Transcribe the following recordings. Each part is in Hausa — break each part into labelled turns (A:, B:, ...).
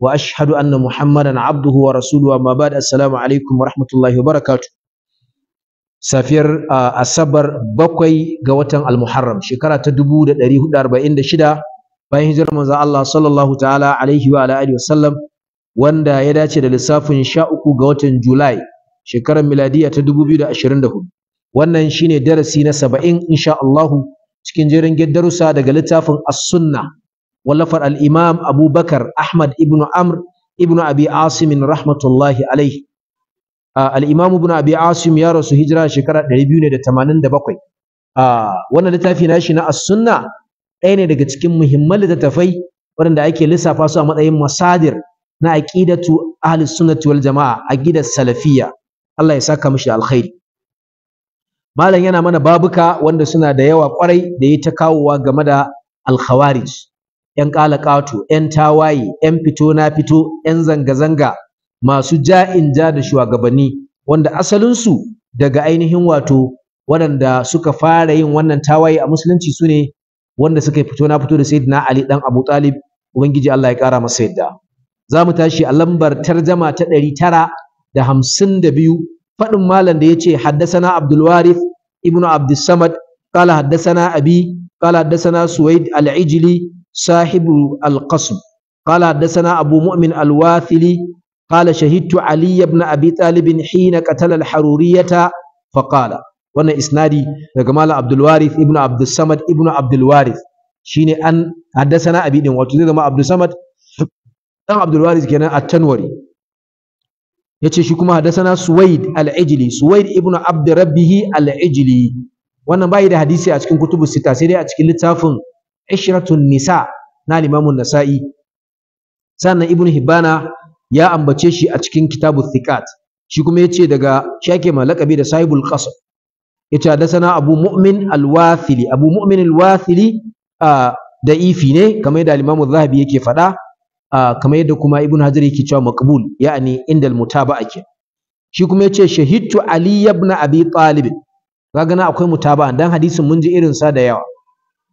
A: وأشهد أن محمدا عبده ورسوله أما بعد السلام عليكم ورحمة الله وبركاته safiyar asabar bakwai ga watan almuharram shekara ta dubu da ɗari hudu arba'in da shida bayan hijirar manzon Allah sallallahu ta'ala alaihi wa alihi wasallam wanda ya dace da lissafin sha uku ga watan julai shekarar miladiya ta dubu biyu da ashirin da hudu wannan shine darasi na saba'in insha Allahu cikin jerin darussa daga littafin as-sunna wallafar al'imam imam abubakar ahmad ibnu amr ibnu abi asim rahmatullahi alaihi ah, al-imam abi asim ya rasu hijira shekara 287 ah, wannan littafi nashi na as-sunna ɗaya ne daga cikin muhimman littattafai waɗanda ake lissafa su a matsayin masadir na aqidatu ahli sunnati wal jama'a aqidar salafiyya Allah ya saka mishi alkhairi malam yana mana babuka wanda suna da yawa kwarai da ya yi ta kawowa game da al-khawarij ‘yan ƙato, ‘yan tawaye, ‘yan fito na fito, ‘yan zanga-zanga, masu ja'in ja da shugabanni wanda asalinsu daga ainihin wato waɗanda suka fara yin wannan tawaye a musulunci su ne wanda suka fito na fito da sayyidina Ali dan Abu Talib ubangiji Allah ya ƙara masa yadda za mu tashi a lambar tarjama ta ɗari tara da hamsin da biyu faɗin malam da ya ce haddasana Abdul ibnu Abdulsamad, قال حدثنا أبي قال حدثنا سويد العجلي صاحب القصب قال حدثنا ابو مؤمن الواثلي قال شهدت علي بن ابي طالب حين قتل الحروريه فقال wannan isnadi daga malam abdul warith abdul samad ibnu abdul warith shine an haddasa abi din wato zai abdul samad dan abdul kenan at-tanwari yace shi kuma haddasa suwaid al-ijli suwaid ibnu abd rabbihi al-ijli wannan bai da hadisi a cikin kutubus sita sai dai a cikin littafin ishratun nisa na limamun nasa'i sannan ibn hibbana ya ambace shi a cikin kitabu thiqat shi kuma yace daga shake malakabi da sahibul qasr yace sana abu mu'min al abu mu'min al da ifi ne kamar yadda limamun zahabi yake faɗa kamar yadda kuma ibn hajar yake cewa maqbul ya'ani inda mutabaa ke shi kuma yace shahidtu ali ibn abi talib kaga na akwai mutaba'a dan hadisin mun ji irin sa da yawa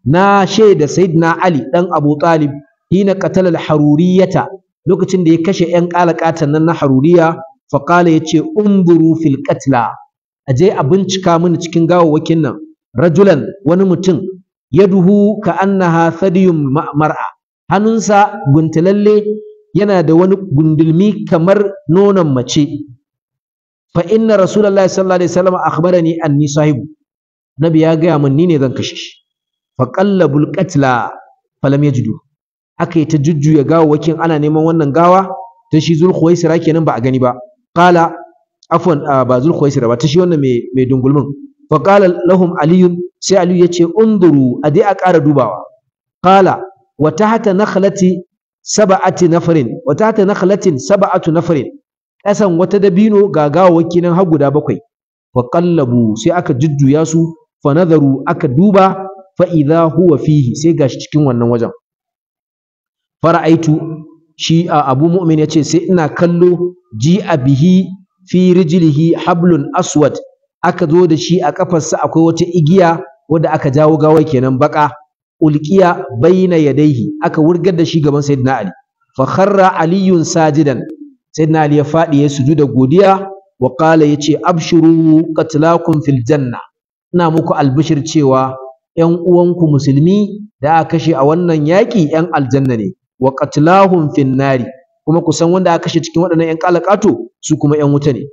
A: na shaida sayyidina ali dan abu talib hina qatala al-haruriyata lokacin da ya kashe yan kalakatan nan na haruriya fa qala yace umburu fil qatla aje a bincika mini cikin gawawwakin nan rajulan wani mutum yaduhu ka annaha thadiyum mar'a hannunsa guntalalle yana da wani gundulmi kamar nonon mace fa inna rasulullahi sallallahu alaihi wasallam akhbarani anni sahibu nabi ya gaya mun ni ne zan kashe shi faƙallabul qatla falam yajidu aka yi ta jujjuya gawawwakin ana neman wannan gawa ta shi khuwaisira kenan ba a gani ba qala afwan ba khuwaisira ba ta shi wannan mai mai dungulmin fa qala lahum aliyun sai aliyu yace unduru a dai a ƙara dubawa qala wa tahta nakhlati sab'ati nafarin wa tahta nakhlatin sab'atu nafarin kasan wata dabino ga gawawwaki nan har guda bakwai fa qallabu sai aka jujjuya su fa nadaru aka duba fa idha huwa fihi sai gashi cikin wannan wajen fara'aitu shi abu mu'min yace sai ina kallo ji abihi fi rijlihi hablun aswad aka zo da shi a kafarsa akwai wata igiya wadda aka jawo gawai kenan baka ulqiya baina yadaihi aka wurgar da shi gaban sayyidina ali fa kharra aliyun sajidan sayyidina ali ya fadi ya sujuda godiya wa qala yace abshuru qatlakum fil janna ina muku albishir cewa ‘yan uwanku musulmi da aka kashe a wannan yaki ‘yan aljanna ne wa qatlahum finnari kuma kusan wanda aka kashe cikin waɗannan ‘yan kalakato su kuma ‘yan wuta ne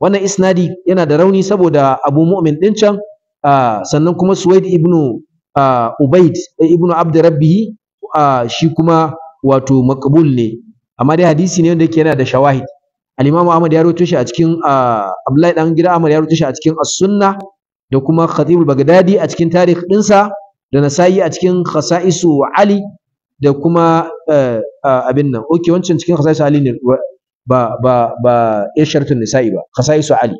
A: wannan isnadi yana da rauni saboda abu mu'min ɗin can sannan kuma suwaid ibnu ubaid eh, ibnu abdurabbihi shi kuma wato maqbul ne amma dai hadisi ne wanda yake yana da shawahid al-imam ahmad ya rawaito shi a cikin abdullahi dan gida ahmad ya rawaito shi a cikin as-sunnah da kuma khatibul bagdadi a cikin tarikh da nasa'i a cikin khasa'isu ali da kuma eh, abin nan okay wancan cikin khasa'isu ali ne ba ba ba ya shartun ba khasa'isu ali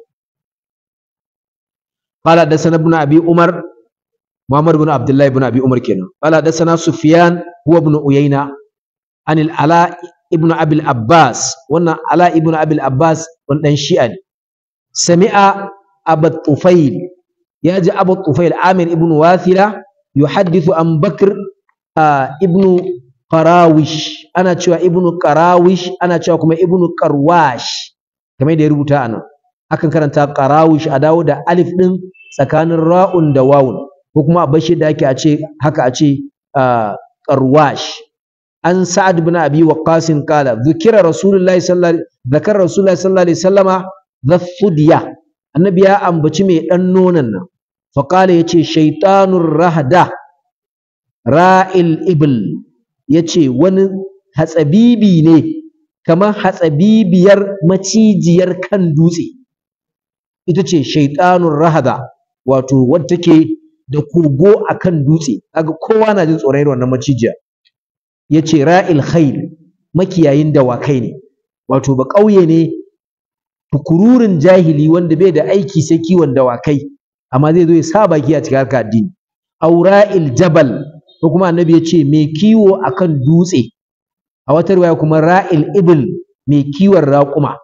A: قال حدثنا ابن ابي عمر محمد بن عبد الله بن ابي عمر كنا قال حدثنا سفيان هو ابن عيينه عن العلاء ابن ابي العباس وانا علاء ابن ابي العباس وان ya ji abu tufail amir ibn wasila yuhaddithu an bakr ibn qarawish ana cewa ibn qarawish ana cewa kuma ibn qarwash kamar da ya rubuta anan akan karanta qarawish a dawo da alif din tsakanin ra'un da wawun ko kuma a bashi da yake a ce haka a ce qarwash an sa'ad bin abi waqqas qala dhukira rasulullahi sallallahu dhakara rasulullahi sallallahu alaihi wasallama dhafudya annabi ya ambaci mai ɗan nonon nan faƙala ya ce shaitanun rahada ra'il ibil ya ce wani hatsabibi ne kamar hatsabibiyar macijiyar kan dutse ita ce shaitanun rahada wato wadda take da kogo a kan dutse kaga kowa na jin tsoron wannan macijiya ya ce ra'il khair makiyayin dawakai ne wato ba ƙauye ne tukururin jahili wanda bai da aiki sai kiwon dawakai amma zai zo ya sa baki a cikin harka addini aura'il jabal ko kuma annabi ya ce mai kiwo akan dutse a wata riwaya kuma ra'il ibil mai kiwon raƙuma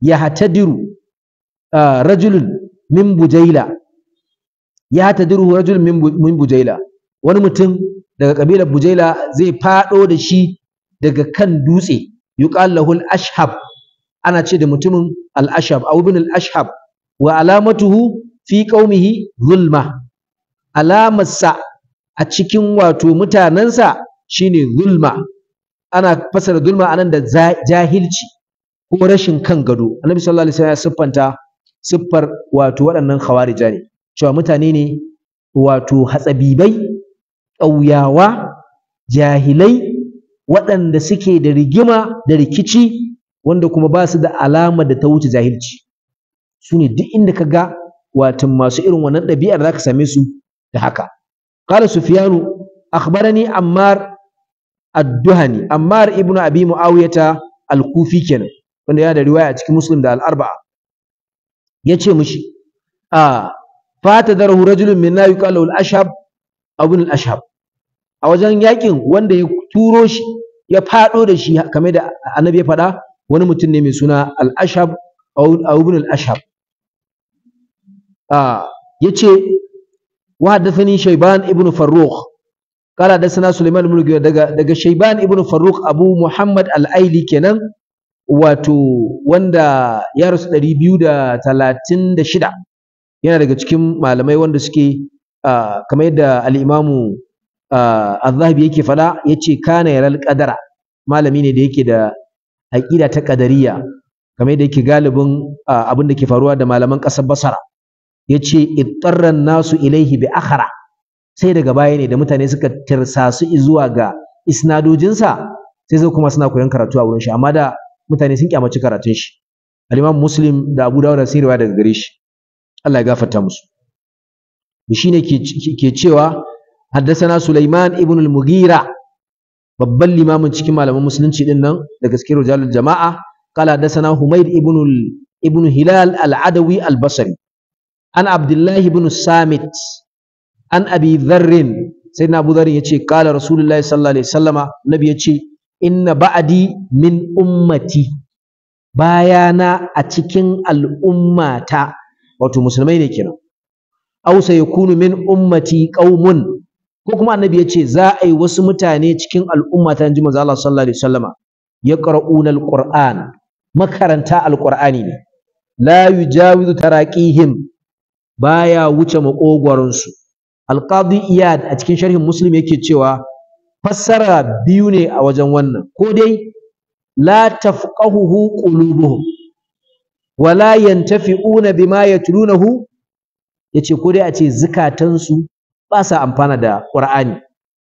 A: ya hatadiru rajulun min bujaila ya hatadiru rajulun min bujaila wani mutum daga kabilar bujaila zai faɗo da shi daga kan dutse yuqal lahul ashhab ana ce da mutumin al-ashab abu al-ashab wa alamatuhu fi qaumihi zulma alamarsa a cikin wato mutanensa shine zulma ana fasara zulma anan da jahilci ko rashin kan gado annabi sallallahu alaihi wasallam ya siffanta siffar wato waɗannan khawarija ne cewa mutane ne wato hatsabibai ƙauyawa jahilai waɗanda suke da rigima da rikici wanda kuma ba su da alama da ta wuce jahilci su ne duk inda ka ga watan masu irin wannan ɗabi'ar za ka same su da haka qala sufyanu akhbarani ammar ad-duhani ammar ibnu abi muawiyata al-kufi kenan wanda yana da riwaya a cikin muslim da al-arba'a yace mishi a fata darahu rajulun min la yuqalu al ashab abun al ashab a wajen yakin wanda ya turo shi ya fado da shi kamar da annabi ya faɗa wani mutum ne mai suna al-ashab ibn al-ashab ah, yace wa haddathani shayban ibn farrukh Kala hadathana sulaiman ibn daga daga shayban ibn farrukh abu muhammad al-aili kenan wato wanda ya rasu 236 yana daga cikin malamai wanda suke ah, kamar yadda al-imamu az ah, yake fada yace kana yaral qadara malami ne da yake da aqida ta ƙadariya, kamar yadda yake galibin abin da ke faruwa da malaman ƙasar basara yace ittarran nasu ilaihi bi akhara sai daga baya ne da mutane suka tirsasu zuwa ga isnadojinsa sai zai kuma suna koyon karatu a wurin shi amma da mutane sun kyamaci karatun shi al-Imam Muslim da Abu Dawud sun riwaya daga gare shi Allah ya gafarta musu shine ke cewa Haddasa حدثنا ibn al Mugira. babban limamin cikin malaman musulunci din nan daga cikin jama'a kala dasana humayd ibn ibn hilal al-adawi al-basri an abdullahi ibn samit an abi dharrin sayyidina abu dharrin yace kala rasulullahi sallallahu alaihi wasallama nabi yace inna ba'adi min ummati bayana a cikin al'ummata wato musulmai ne kenan ya kunu min ummati qaumun ko kuma annabi ya ce za a yi wasu mutane cikin al'umma ta ji manzo Allah sallallahu alaihi wasallama qara'una alquran makaranta alqur'ani ne la yujawizu taraqihim baya wuce makogwaron su alqadi iyad a cikin sharhin muslim yake cewa fassara biyu ne a wajen wannan ko dai la tafqahu qulubuhum wala yantafi'una bima yatlunahu yace ko dai a ce zukatansu ba sa amfana da ƙur'ani,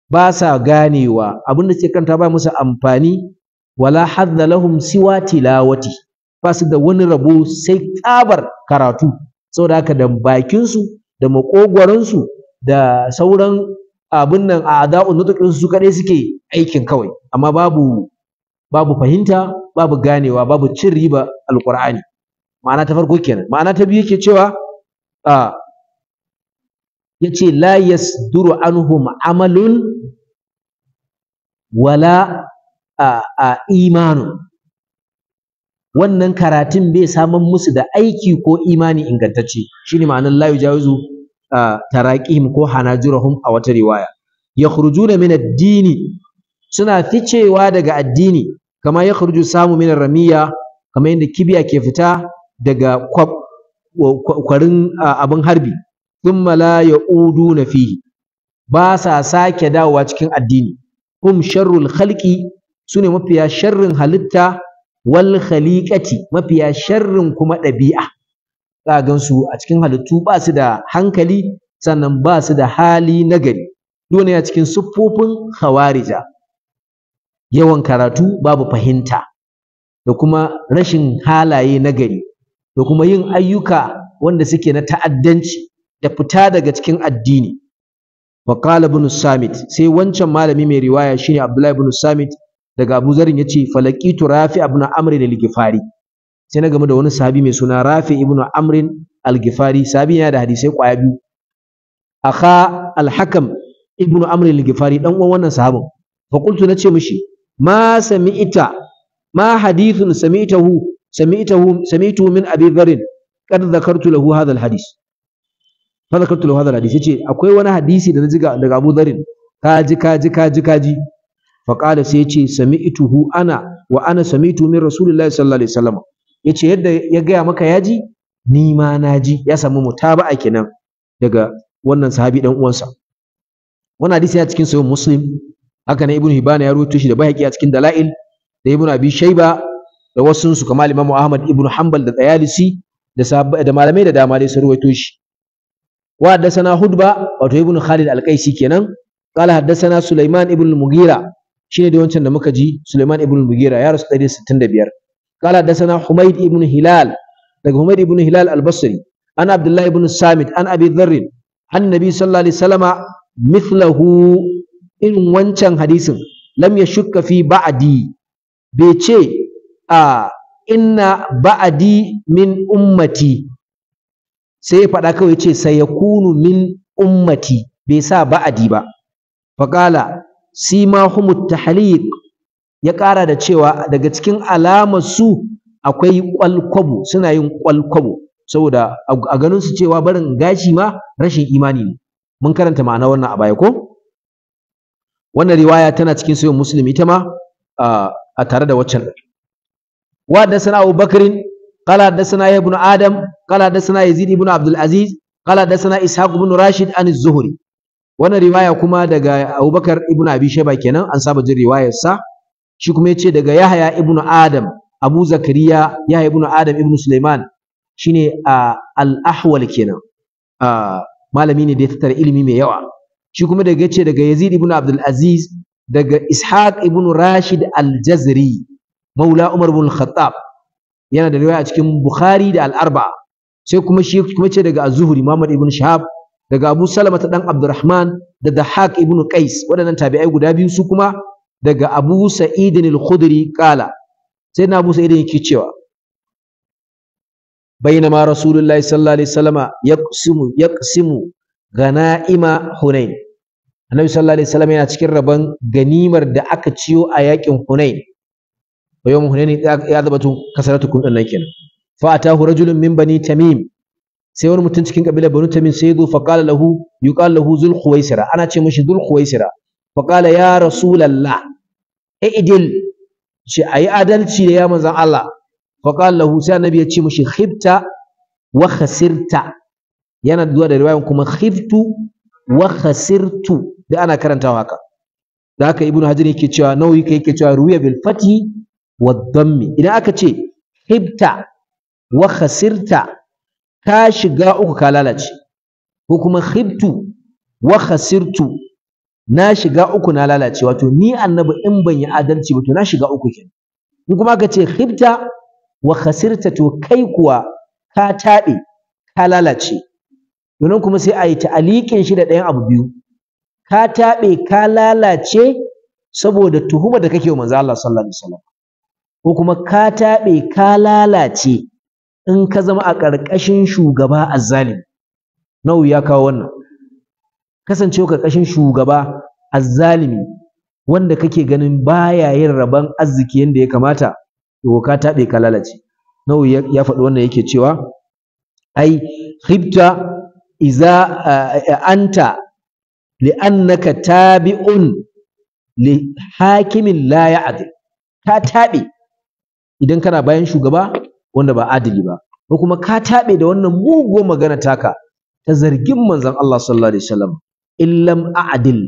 A: ba sa ganewa abinda suke kanta ba musu amfani wala hadda lahum siwa tilawati ba su da wani rabo sai tsabar karatu saboda haka da bakinsu da makogwaransu da sauran abin nan a da'u nutukin su kaɗai suke aikin kawai amma babu babu fahimta babu ganewa babu cin riba alqur'ani ma'ana ta farko kenan ma'ana ta biyu yake cewa a yace la yasduru anhum amalun wala a, a imanu wannan karatun bai saman musu da aiki ko imani ingantacce shine ma'anar la yujawizu taraqihim ko hanajurahum a wata riwaya Ya da min addini suna ficewa daga addini kama kurju samu min ramiya kama yadda kibiya ke fita daga kwarin abin harbi thumma la na fihi ba sa sake dawowa cikin addini hum sharrul khalqi sune mafiya sharrin halitta wal khaliqati mafiya sharrin kuma ɗabi'a za gan a cikin halittu ba su da hankali sannan ba su da hali nagari dole a cikin siffofin khawarija yawan karatu babu fahimta da kuma rashin halaye nagari da kuma yin ayyuka wanda suke na ta'addanci Ya fita daga cikin addini wa qala ibn samit sai wancan malami mai riwaya shine abdullahi ibn samit daga abu zarin yace falaqitu rafi ibn amr al-gifari sai na gamu da wani sahabi mai suna rafi ibn amr al-gifari sahabi yana da hadisai kwaya biyu akha al-hakam ibn amr al-gifari dan uwan wannan sahabin fa qultu nace mishi ma sami'ita ma hadithun sami'tahu sami'tahu sami'tuhu min abi dharin qad dhakartu lahu hadha al-hadith fadakartu lahu hadha alhadith ce, akwai wani hadisi da na daga Abu Dharr kaji kaji kaji kaji fa qala sai yace sami'tuhu ana wa ana sami'tu min rasulillahi sallallahu alaihi wasallam yace yadda ya gaya maka yaji ni ma ji." ya samu mutaba'a kenan daga wannan sahabi dan uwansa wannan hadisi yana cikin sahih muslim haka ne ibnu hibana ya rawaito shi da bayhaqi a cikin dalail da ibnu abi shayba da wasu su kamar imamu ahmad ibnu hanbal da tayalisi da malamai da dama dai sun rawaito shi wa haddathana hudba wato ibnu khalid Alkaisi kenan qala haddathana sulaiman ibn al-mughira shine da wancan da muka ji sulaiman ibn al-mughira ya rasu 165 qala haddathana humayd ibn hilal daga humayd ibn hilal al-basri an abdullah ibn samit an abi dharr an nabi sallallahu alaihi wasallama mithlahu in wancan hadisin lam yashukka fi ba'di bai ce a inna ba'adi min ummati sai ya faɗa kawai ce sai ya kunu min ummati bai sa ba'adi ba Sima humu tahliq ya ƙara da cewa daga cikin alamar su akwai kwalkwabo suna yin kwalkwabo saboda a ganin su cewa barin gashi ma rashin imani ne mun karanta ma'ana wannan a baya ko wannan riwaya tana cikin sayin muslim ita ma ah, a tare da waccan wa da sana'u bakrin قال حدثنا ابن آدم قال حدثنا يزيد بن عبد العزيز قال حدثنا إسحاق بن راشد عن الزهري wannan riwaya kuma daga abubakar Bakar ibn kenan an saba jin riwayar sa shi kuma yace daga Yahya ibn Adam Abu Zakariya Yahaya ibn Adam ibn Sulaiman shine al-Ahwal kenan malami ne da ya tattara ilimi mai yawa shi kuma daga yace daga Yazid ibn Abdul Aziz daga Ishaq ibnu Rashid al-Jazri maula Umar ibn Khattab yana da riwaya a cikin bukhari da al-arba'a sai kuma shi kuma ce daga az-zuhri muhammad ibn shahab daga abu salama ta dan abdurrahman da dahaq ibn qais waɗannan tabi'ai guda biyu su kuma daga abu sa'id al-khudri qala sai na abu sa'id yake cewa bainama rasulullahi sallallahu alaihi wasallama yaqsimu yaqsimu ganaima hunain annabi sallallahu alaihi wasallam yana cikin rabon ganimar da aka ciyo a yakin hunain wa yawmu hunain ya zabatu kasaratukum din nan kenan fa atahu rajulun min bani tamim sai wani mutum cikin kabilar bani tamim sai yazo fa qala lahu yuqal lahu zul khuwaisira ana ce mishi zul khuwaisira fa qala ayi adalci da ya manzon Allah fa qala lahu sai annabi ya ce mishi khibta wa yana zuwa da riwayan kuma khiftu wa da ana karantawa haka da haka ibnu hajar yake cewa nawawi cewa ruya bil fathi waddammi idan aka ce hibta wa khasirta ka shiga uku ka lalace ko kuma hibtu wa khasirtu na shiga uku na lalace wato ni annabi in ban yi adalci ba to na shiga uku kenan in kuma aka ce hibta wa khasirta to kai kuwa ka taɓe ka lalace domin kuma sai a yi ta'aliƙin shi da ɗayan abu biyu ka taɓe ka lalace saboda tuhuma da kake wa manzo Allah sallallahu alaihi wasallam ko kuma ka taɓe ka lalace in ka zama a ƙarƙashin shugaba azzalimi nau ya kawo wannan kasancewa ƙarƙashin shugaba azzalimi wanda kake ganin baya yin rabon arziki yadda ya kamata to ka taɓe ka lalace nau ya faɗi wannan yake cewa ai khibta iza anta li'annaka tabi'un li hakimin la ya'dil ka taɓe idan kana bayan shugaba wanda ba adali ba ko kuma ka taɓe da wannan muguwar magana taka ta zargin manzon Allah sallallahu alaihi wasallam illam a'dil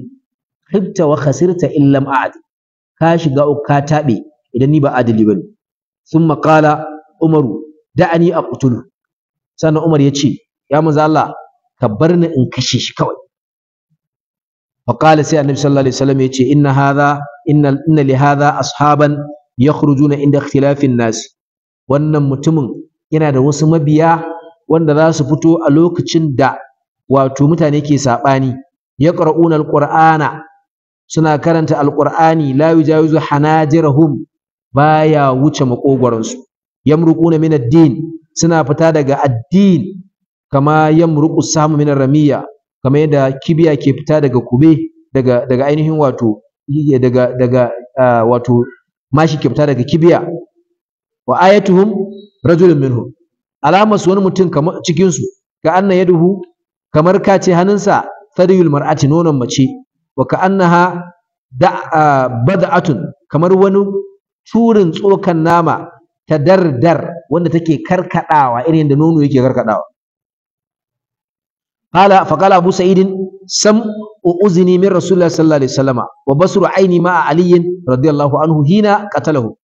A: khibta wa khasirta illam a'dil ka shiga uku ka taɓe idan ni ba adili bane thumma qala umaru da'ani aqtulu sannan umar ya ce ya manzo Allah ka bar ni in kashe shi kawai fa qala sai annabi sallallahu alaihi wasallam ya ce inna hadha inna inna li hadha ashaban yakhrujuna inda ikhtilafin nas wannan mutumin yana da wasu mabiya wanda za su fito a lokacin da wato mutane ke sabani yaqra'una alqur'ana suna karanta alqur'ani la yujawizu hanajirahum baya wuce makogwaron su yamruquna min ad-din suna fita daga addini kama yamruqu samu min ramiya kama yadda kibiya ke fita daga kube daga daga ainihin wato daga daga ah, wato mashi kyauta daga kibiya wa ayatuhum rajulun minhum alamar wani mutum kamar cikin su ka anna yaduhu kamar ka ce hannunsa thariyul mar'ati nonon mace wa ka annaha da bad'atun kamar wani turin tsokan nama ta dardar wanda take karkadawa irin da nono yake karkadawa قال فقال أبو سعيد سم أذني من رسول الله صلى الله عليه وسلم وبصر عيني مع علي رضي الله عنه هنا قتله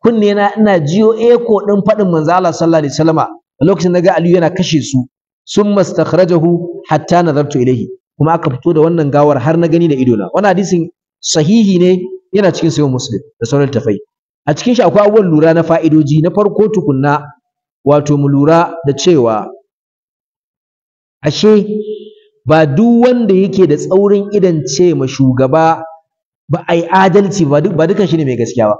A: kunne na ina jiyo eko din faɗin manza, Allah sallallahu alaihi wasallama lokacin naga Aliyu yana kashe su sun mastakhrajahu hatta nazartu ilayhi kuma aka fito da wannan gawar har na gani da ido na hadisin sahihi ne yana cikin sahih muslim da sauran tafai a cikin shi akwai abubuwan lura na fa'idodi na farko tukunna wato mu lura da cewa ashe ba duk wanda yake da tsaurin idan ce ma shugaba ba ai adalci ba duk ba dukan shi ne mai gaskiya ba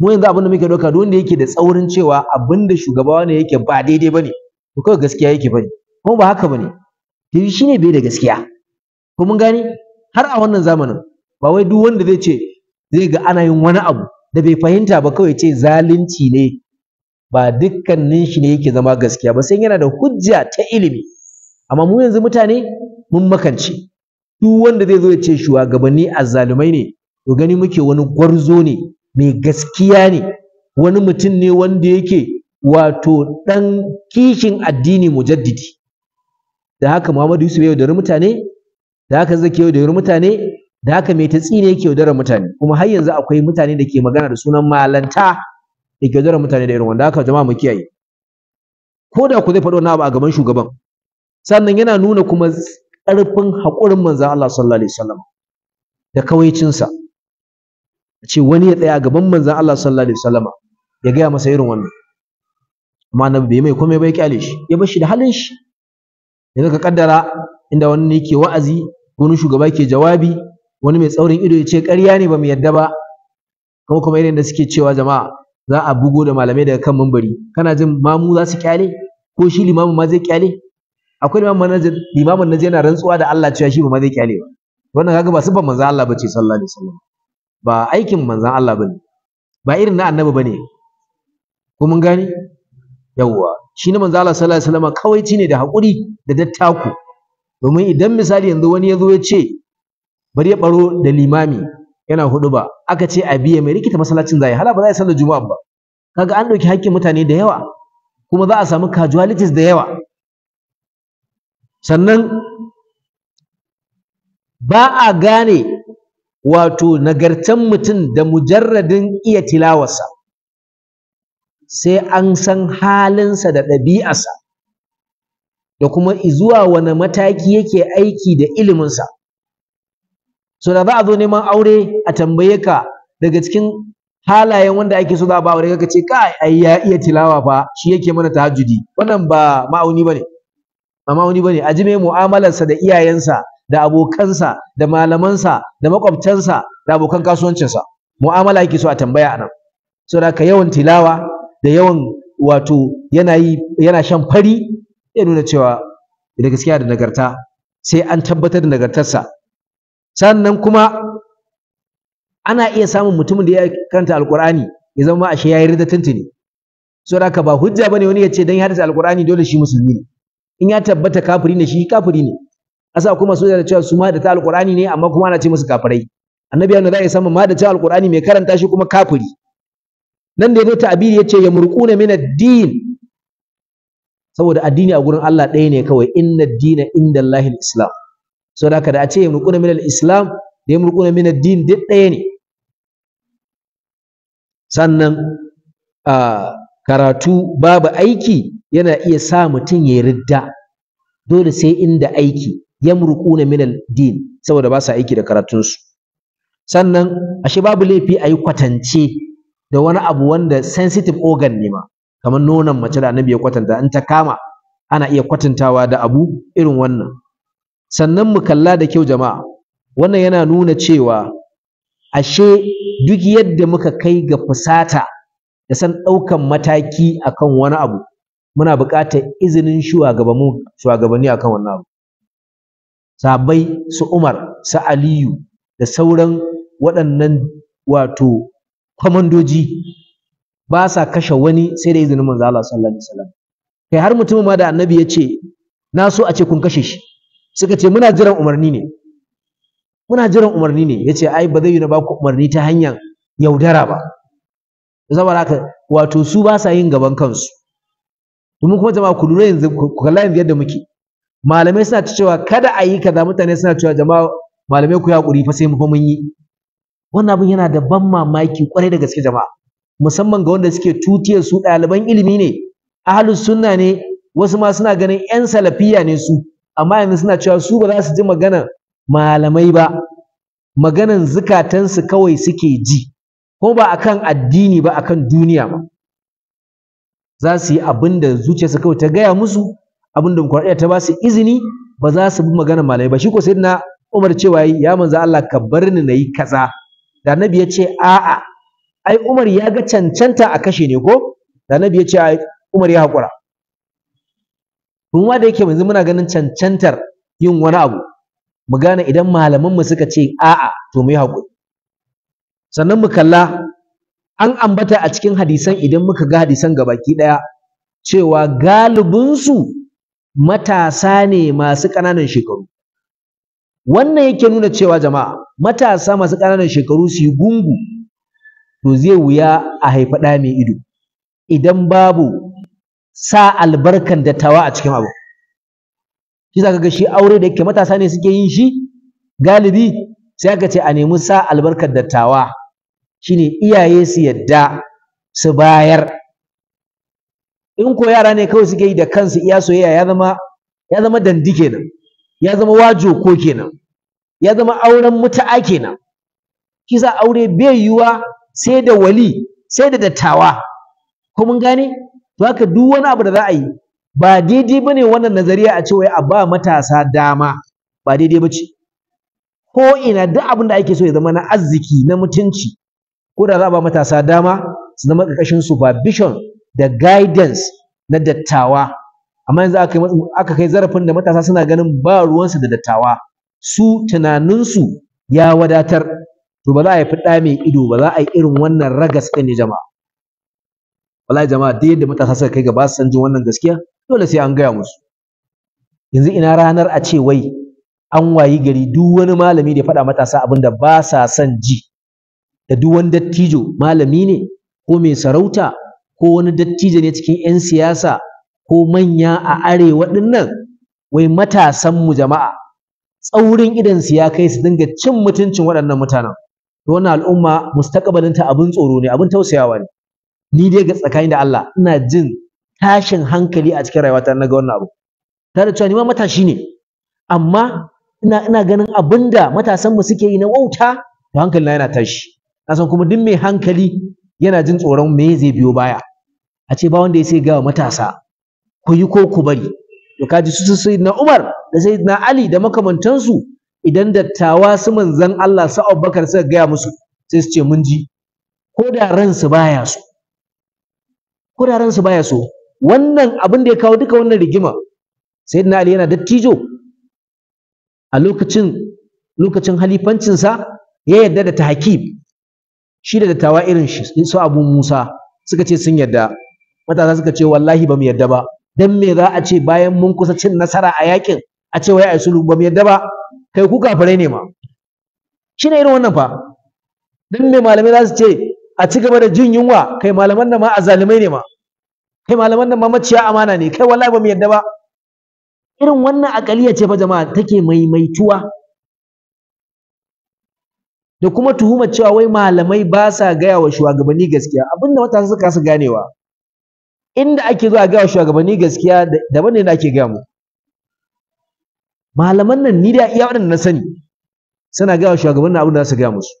A: mu yanzu abin da muke ɗauka duk wanda yake da tsaurin cewa abin da shugaba ne yake ba daidai bane to kawai gaskiya yake bane kuma ba haka bane to shi ne bai da gaskiya ko mun gane har a wannan zamanin ba wai duk wanda zai ce zai ga ana yin wani abu da bai fahimta ba kawai ce zalunci ne ba dukkanin shi ne yake zama gaskiya ba sai yana da hujja ta ilimi amma mu yanzu mutane mun makance duk wanda zai zo ya ce shugabanni azzalumai ne to gani muke wani gwarzo ne mai gaskiya ne wani mutum ne wanda yake wato ɗan kishin addini mujaddidi da haka Muhammadu Yusuf ya yaudari mutane da haka zaki yaudari mutane da haka mai tatsi ne yake yaudarar mutane kuma har yanzu akwai mutane da ke magana da sunan malanta da ke mutane da irin wanda haka jama'a mu kiyaye ko da ku zai faɗo na abu a gaban shugaban sannan yana nuna kuma ƙarfin haƙurin manzan Allah sallallahu alaihi wasallam da kawaicinsa ce wani ya tsaya a gaban manzan Allah sallallahu alaihi wasallam ya gaya masa irin wannan amma annabi bai mai komai bai kyale shi ya bar shi da halin shi yanzu ka kaddara inda wani ne yake wa'azi wani shugaba ke jawabi wani mai tsaurin ido ya ce ƙarya ne ba mu yadda ba kuma irin da suke cewa jama'a za a bugo da malamai daga kan mambari kana jin mamu za su kyale ko shi limamin ma zai kyale akwai limamin na limamin na yana rantsuwa da Allah cewa shi ba ma zai kyale ba wannan kaga ba sifar manzon Allah bace sallallahu alaihi wasallam ba aikin manzon Allah bane ba irin na annabi bane ko mun gane yawwa shi ne manzon Allah sallallahu alaihi wasallam kawai ne da hakuri da dattako domin idan misali yanzu wani ya zo ya ce bari ya baro da limami yana hudu ba, aka ce a biye mai rikita masallacin zai hala ba za a sallar juma'a ba kaga an ɗauki hakkin mutane da yawa kuma za a samu casualties da yawa sannan ba a gane wato nagartan mutum da mujarradin iya tilawarsa sai an san halinsa da ɗabi'arsa da kuma izuwa wani mataki yake aiki da iliminsa so da za a zo neman aure a tambaye ka daga cikin halayen wanda ake so za a ba aure ka ce kai ai ya iya tilawa fa shi yake mana tahajjudi wannan ba ma'auni bane ba ma'auni bane a ji me mu'amalarsa da iyayensa da abokansa da malamansa da makwabtansa da abokan kasuwancinsa mu'amala yake so a tambaya anan so da ka yawan tilawa da yawan wato yana yi yana shan fari ya nuna cewa da gaskiya da nagarta sai an tabbatar da nagartarsa sannan kuma ana iya samun mutumin da ya karanta alkur'ani ya zama ashe ya yi rida tuntuni saboda haka ba hujja bane wani ya ce dan ya hadisa alkur'ani dole shi musulmi ne in ya tabbata kafiri ne shi kafiri ne asa kuma su da cewa su ma da ta alkur'ani ne amma kuma ana ce musu kafirai annabi yana za a samu ma da ta alkur'ani mai karanta shi kuma kafiri nan da ya zo ta'abiri ya ce ya murquna min ad-din saboda addini a gurin Allah ɗaya ne kawai inna ad-dina indallahi al Islam So haka da a ce yamruquna min al-islam da yamruquna min ad-din duk ɗaya ne sannan a karatu babu aiki yana iya sa mutum ya ridda dole sai inda aiki ya min al-din saboda ba sa aiki da karatun su sannan ashe babu laifi a yi kwatance da wani abu wanda sensitive organ ne ma kamar nonon mace da annabi ya kwatanta in ta kama ana iya kwatantawa da abu irin wannan sannan mu kalla da kyau jama'a wannan yana nuna cewa ashe duk yadda muka kai ga fusata da san ɗaukan mataki akan wani abu muna buƙatar izinin shugabanni akan wannan abu sabai su Umar su Aliyu da sauran waɗannan wato kwamandoji ba sa kashe wani sai da izinin manzo Allah sallallahu alaihi wasallam kai har mutumin ma da annabi ya ce na so a ce kun kashe shi suka ce muna jiran umarni ne muna jiran umarni ne yace ai ba zai yi na ba ku umarni ta hanyar yaudara ba saboda haka wato su ba sa yin gaban kansu domin kuma jama'a ku lura yanzu ku kalla yanzu yadda muke malamai suna ta cewa kada a yi kaza mutane suna cewa jama'a malamai ku hakuri fa sai mu fa mun yi wannan abin yana da ban mamaki kwarai da gaske jama'a musamman ga wanda suke tutiyar su ɗaliban ilimi ne ahlus sunna ne wasu ma suna ganin 'yan salafiya ne su amma yanzu suna cewa su ba za su ji magana malamai ba maganan zukatansu kawai suke ji ko ba akan addini ba akan duniya ba za su yi abin da zuciyarsu kawai ta gaya musu abin da kwaɗiya ta ba su izini ba za su bi magana malamai ba shi ko sayyidina na Umar cewa ya manzo Allah ka bar ni nayi kaza da nabi ya ce a'a ai Umar ya ga cancanta a kashe ne ko da nabi ya ce ai Umar ya haƙura Kuma ma da yake yanzu muna ganin cancantar yin wani abu mu gane idan malaman mu suka ce a'a to mu yi haƙuri. sannan mu kalla an ambata a cikin hadisan idan muka ga hadisan gabaki ɗaya cewa galibinsu matasa ne masu ƙananan shekaru wannan yake nuna cewa jama'a matasa masu ƙananan shekaru su yi gungu to zai wuya a haifa ɗa mai ido idan babu sa albarkan dattawa a cikin abu shi za ka ga shi aure da yake matasa ne suke yin shi galibi sai aka ce a nemi sa albarkar dattawa shine iyaye su yadda su bayar in ko yara ne kawai suke yi da kansu iya soyayya ya zama ya zama dandi kenan ya zama wajo ko kenan ya zama auren muta'a kenan kisa aure bai yiwuwa sai da wali sai da dattawa ko mun gane to haka duk wani abu da za a yi ba daidai bane wannan nazariya a ce wai a ba matasa dama ba daidai ba ce, ko ina duk abin da ake so ya zama na arziki na mutunci ko da za a ba matasa dama su zama ƙarƙashin supervision da guidance na dattawa amma yanzu aka aka kai zarafin da matasa suna ganin ba ruwansu da dattawa su tunaninsu ya wadatar to ba za a yi fiɗa mai ido ba za a yi irin wannan ragas ɗin na jama'a wallahi jama'a duk yadda matasa suka kai gaba san jin wannan gaskiya dole sai an gaya musu yanzu ina ranar a ce wai an wayi gari duk wani malami da ya faɗa matasa abin da ba sa son ji da duk wani dattijo malami ne ko mai sarauta ko wani dattijo ne cikin 'yan siyasa ko manya a arewa dinnan wai matasan mu jama'a tsaurin idan su ya kai su dinga cin mutuncin waɗannan mutanen to wannan al'umma mustaqbalinta abin tsoro ne abin tausayawa ne ni dai ga tsakani da Allah ina jin tashin hankali a cikin rayuwata na ga wannan abu Ta da cewa ni ma matashi ne amma ina ina ganin abinda matasan mu suke yi na wauta to hankali na yana tashi na san kuma duk mai hankali yana jin tsoron me zai biyo baya a ce ba wanda ya sai ga matasa ku yi ko ku bari to kaji su na Umar da na Ali da makamantansu idan dattawa su manzan Allah su Bakar suka gaya musu sai su ce mun ji ko da ransu baya su. wuraren su baya so wannan abin da ya kawo duka wannan rigima sayyidina ali yana dattijo a lokacin lokacin halifancinsa ya yarda da tahkib shi da dattawa irin shi su abu musa suka ce sun yarda matasa suka ce wallahi ba mu yarda ba dan me za a ce bayan mun kusa cin nasara a yakin a ce wai ai sulhu ba mu yarda ba kai ku kafirai ne ma Shi ne irin wannan fa dan me malamai za su ce a ci gaba da jin yunwa kai malaman nan ma a zalimai ne ma kai malaman nan mamaciya amana ne kai wallahi ba mu yadda ba irin wannan akaliya ce fa jama'a take maimaituwa da kuma tuhumar cewa wai malamai ba sa gaya wa shugabanni gaskiya abinda matasa suka su ganewa inda ake zuwa gaya wa shugabanni gaskiya daban ne da ake gaya mu malaman nan ni da iya waɗanda na sani suna gaya wa shugabannin abin da za su gaya musu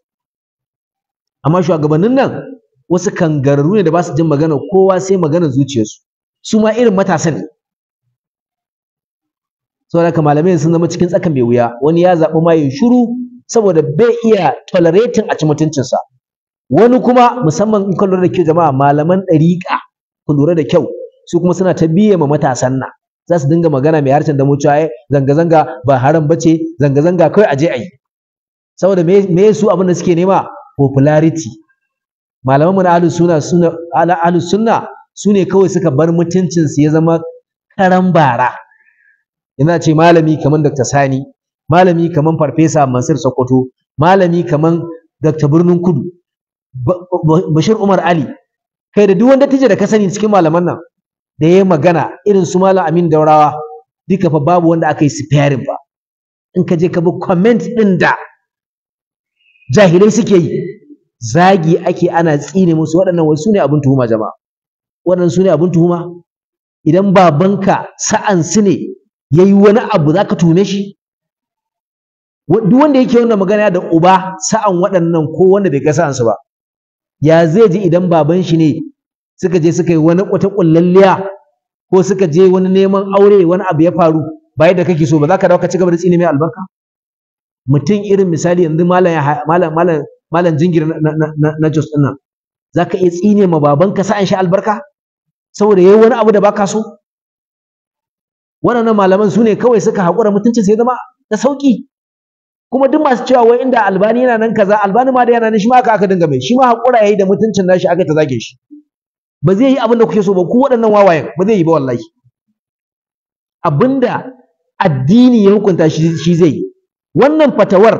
A: amma shugabannin nan wasu kangararru ne da ba su jin magana kowa sai magana zuciyarsu su ma irin matasan saboda ka malamai sun zama cikin tsakan mai wuya wani ya zaɓi ma yin shiru saboda bai iya tolerating a ci mutuncinsa wani kuma musamman in ka lura da kyau jama'a malaman ɗariƙa ku lura da kyau su kuma suna ta biye ma matasan nan za su dinga magana mai harshen da mutuwa zanga-zanga ba haram ce zanga-zanga kawai je a yi saboda me su abin da suke nema popularity malaman mu na ahlus sunna suna ahlus sunna sune kawai suka bar mutuncin su ya zama karan bara ina ce malami kaman Dr. Sani malami kaman Farfesa Mansur Sokoto malami kaman Dr. Birnin Kudu Bashir Umar Ali kai da duk wanda tije da ka sani cikin malaman nan da yayi magana irin su malam Amin Daurawa duka fa babu wanda aka yi sparing ba in ka je ka bi comment din da jahilai suke yi zagi ake ana tsine musu waɗannan wai sune abin tuhuma jama'a waɗannan sune abin tuhuma idan babanka sa'an su ne yayi wani abu zaka tume shi duk wanda yake wannan magana da uba sa'an waɗannan ko wanda bai ga sa'an su ba ya zai ji idan baban shi ne suka je suka yi wani wata kullalliya ko suka je wani neman aure wani abu ya faru ba yadda kake so ba za ka dawo ka ci gaba da tsine mai albarka mutum irin misali yanzu malam malam jingir na Jos ɗin nan za ka iya tsine ma ka sa'an shi albarka saboda yayi wani abu da baka so Wannan malaman su ne kawai suka haƙura mutuncin sai zama da sauƙi kuma duk masu cewa wai inda albani yana nan kaza albani ma da yana nan shi ma aka aka dinga mai shi ma haƙura yayi da mutuncin nashi aka ta zage shi ba zai yi abin da kuke so ba ku waɗannan wawayen ba zai yi ba wallahi abinda addini ya hukunta shi zai yi wannan fatawar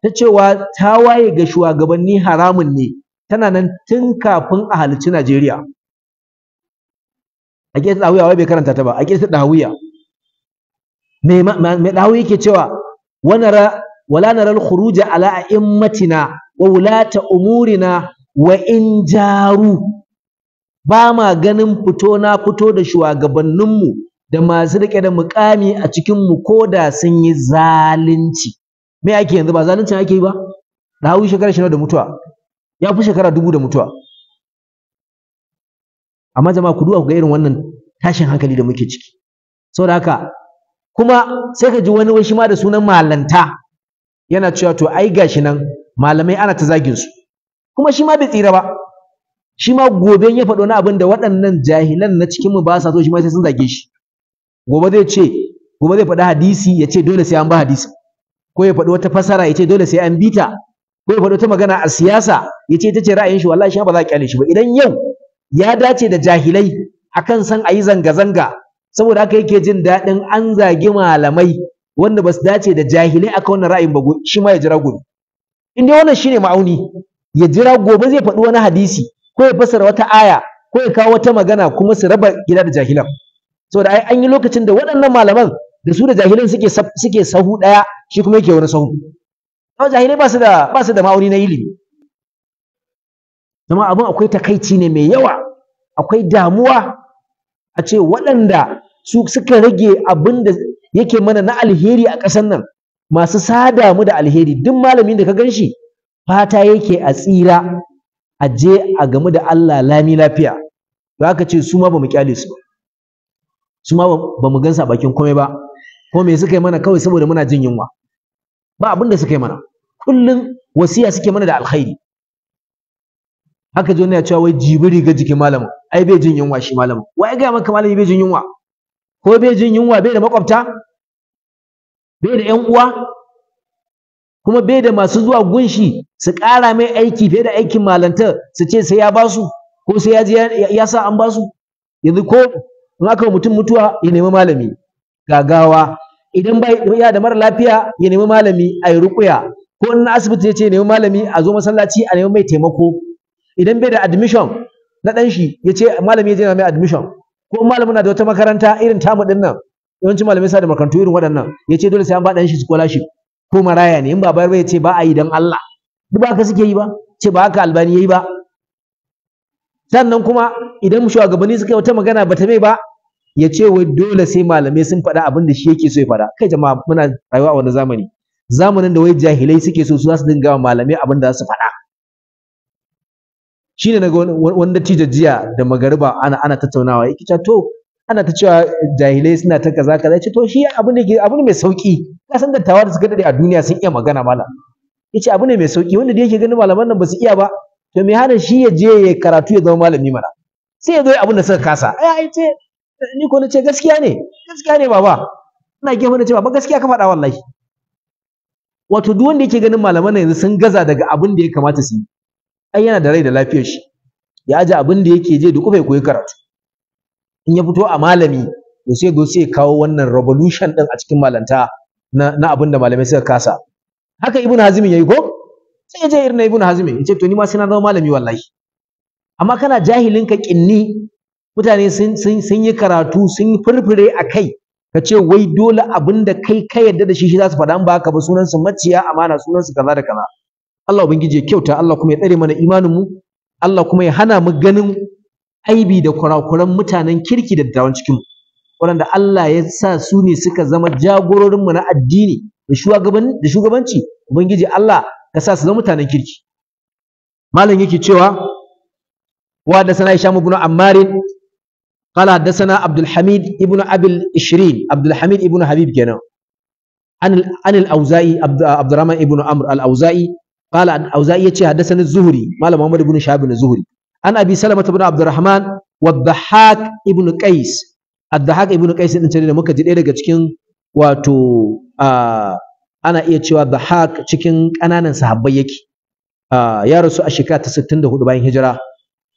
A: ta cewa ta waye ga shugabanni haramun ne tana nan tun kafin a halicci Najeriya a ƙesa ɗawiya wai bai karanta ta ba a ƙesa me mai ɗawiya yake cewa wala nara al-khuruja ala a'immatina wa wulata umurina wa in jaru ba ma ganin fito na fito da shugabanninmu da masu rike da mukami a cikin mu da sun yi zalunci me ake yanzu ba zaluncin ake yi ba da hawi shekara shi da mutuwa ya fi shekara dubu da mutuwa amma jama'a ku duba ku ga irin wannan tashin hankali da muke ciki saboda haka kuma sai ka ji wani wani ma da sunan malanta yana cewa to ai gashi nan malamai ana ta zagin su kuma shi ma bai tsira ba shi ma gobe ya faɗo na abin da waɗannan jahilan na cikin mu ba sa so shi ma sai sun zage shi gobe zai ce gobe zai faɗi hadisi ya ce dole sai an ba hadisi ko ya faɗi wata fasara ya ce dole sai an bita ko ya faɗi wata magana a siyasa ya ce ita ce ra'ayin shi wallahi shi ba za a kyale shi ba idan yau ya dace da jahilai akan san a yi zanga-zanga saboda haka yake jin daɗin an zagi malamai wanda ba su dace da jahilai akan wannan ra'ayin ba shi ma ya jira gobe in dai wannan shine ma'auni ya jira gobe zai faɗi wani hadisi ko ya fasara wata aya ko ya kawo wata magana kuma su raba gida da jahilan saboda ai an yi lokacin da waɗannan malaman da su da jahilan suke suke sahu ɗaya, shi kuma yake wani sahu to jahilai ba su da ba su da ma'auni na ilimi kuma abin akwai takaici ne mai yawa akwai damuwa a ce waɗanda su suka rage abin da yake mana na alheri a ƙasar nan masu sada mu da alheri duk malamin da ka gan shi fata yake a tsira a je a gamu da Allah lami lafiya to aka ce su ma ba mu kyale su ba su ma ba mu gansa bakin komai ba ko me suka yi mana kawai saboda muna jin yunwa ba abin da suka yi mana kullum wasiya suke mana da alkhairi haka zo ne ya cewa wai jibiri ga jikin malamin ai bai jin yunwa shi malamin wai ga maka malami bai jin yunwa ko bai jin yunwa bai da makwabta bai da ƴan uwa kuma bai da masu zuwa gunshi su ƙara mai aiki fiye da aikin malantar su ce sai ya basu ko sai ya ya sa an basu yanzu ko in aka mutum mutuwa ya nemi malami gagawa idan bai ya da mara lafiya ya nemi malami a yi ruƙuya ko in asibiti ya ce ya nemi malami a zo masallaci a nemi mai taimako idan bai da admission na ɗan shi ya ce malami ya je mai admission ko malami na da wata makaranta irin tamu ɗin nan yawancin malamai sa da makarantu irin waɗannan ya ce dole sai an ba ɗan shi scholarship ko maraya ne in ba bayar ba ya ce ba a yi don Allah duk ba haka suke yi ba ce ba haka albani ya yi ba sannan kuma idan shugabanni suka yi wata magana ba ta mai ba ya ce wai dole sai malamai sun faɗa abin da shi yake so ya faɗa kai jama'a muna rayuwa a wani zamani zamanin da wai jahilai suke so su za su dinga wa malamai abin da za su faɗa shine naga wanda jiya da magariba ana ana tattaunawa yake cewa to ana ta cewa jahilai suna ta kaza kaza yace to shi abin da yake abin mai sauki ka san dattawa da suka dade a duniya sun iya magana mala yace abu ne mai sauki wanda da yake ganin malaman nan ba su iya ba to me hana shi ya je ya karatu ya zama malami mana sai ya zo abin da suka kasa ai ai ce ni ko nace gaskiya ne gaskiya ne baba ina gefe ce baba gaskiya ka faɗa wallahi wato duk wanda yake ganin malaman yanzu sun gaza daga abin da ya kamata su yi ai yana da rai da lafiyar shi ya aje abin da yake je da kufa ya koyi karatu in ya fito a malami to sai go sai kawo wannan revolution din a cikin malanta na na abin da malamai suka kasa haka ibnu hazim yayi ko sai ya je irin ibnu hazim ya ce to ni ma sai na zama malami wallahi amma kana jahilin ka kinni mutane sun yi karatu sun firfire a kai ka ce wai dole abin da kai ka yarda da shi shi za su faɗa ba haka ba sunansu maciya amana sunansu kaza da kaza Allah ubangiji ya kyauta Allah kuma ya tsare mana imanin mu Allah kuma ya hana mu ganin aibi da kurakuran mutanen kirki da dattawan cikin mu waɗanda Allah ya sa su ne suka zama jagororin mu na addini da shugaban da shugabanci ubangiji Allah ka sa su zama mutanen kirki malam yake cewa wa da sana shamu ibn ammarin قال حدثنا عبد الحميد ابن ابي الاشرين عبد الحميد ابن حبيب كنا عن عن الاوزاعي عبد الرحمن ابن عمرو الاوزاعي قال عن الاوزاعي يتي حدثنا الزهري مال محمد بن شهاب الزهري عن ابي سلمه بن عبد الرحمن والضحاك ابن قيس الضحاك ابن قيس din tare da muka ji daya daga cikin wato ana iya cewa dhahak cikin kananan sahabbai yake ya rasu a shekara ta 64 bayan hijira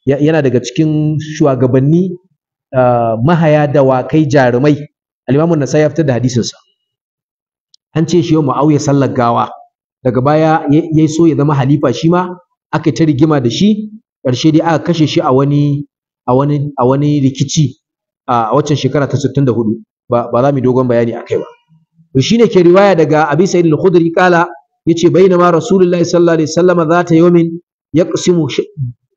A: yana daga cikin shugabanni Ah, mahaya dawakai jarumai al-imamu nasai ya fitar da hadisinsa an ce shi yau mu'awiya sallar gawa daga baya ya so ya zama halifa shi ma aka ta rigima da shi ƙarshe dai aka kashe shi a wani rikici a waccan shekara ta 64 ba ba za mu dogon bayani akai ba to shine ke riwaya daga Abi Sa'id al-Khudri kala yace bainama Rasulullahi sallallahu alaihi wasallam zata yawmin yaqsimu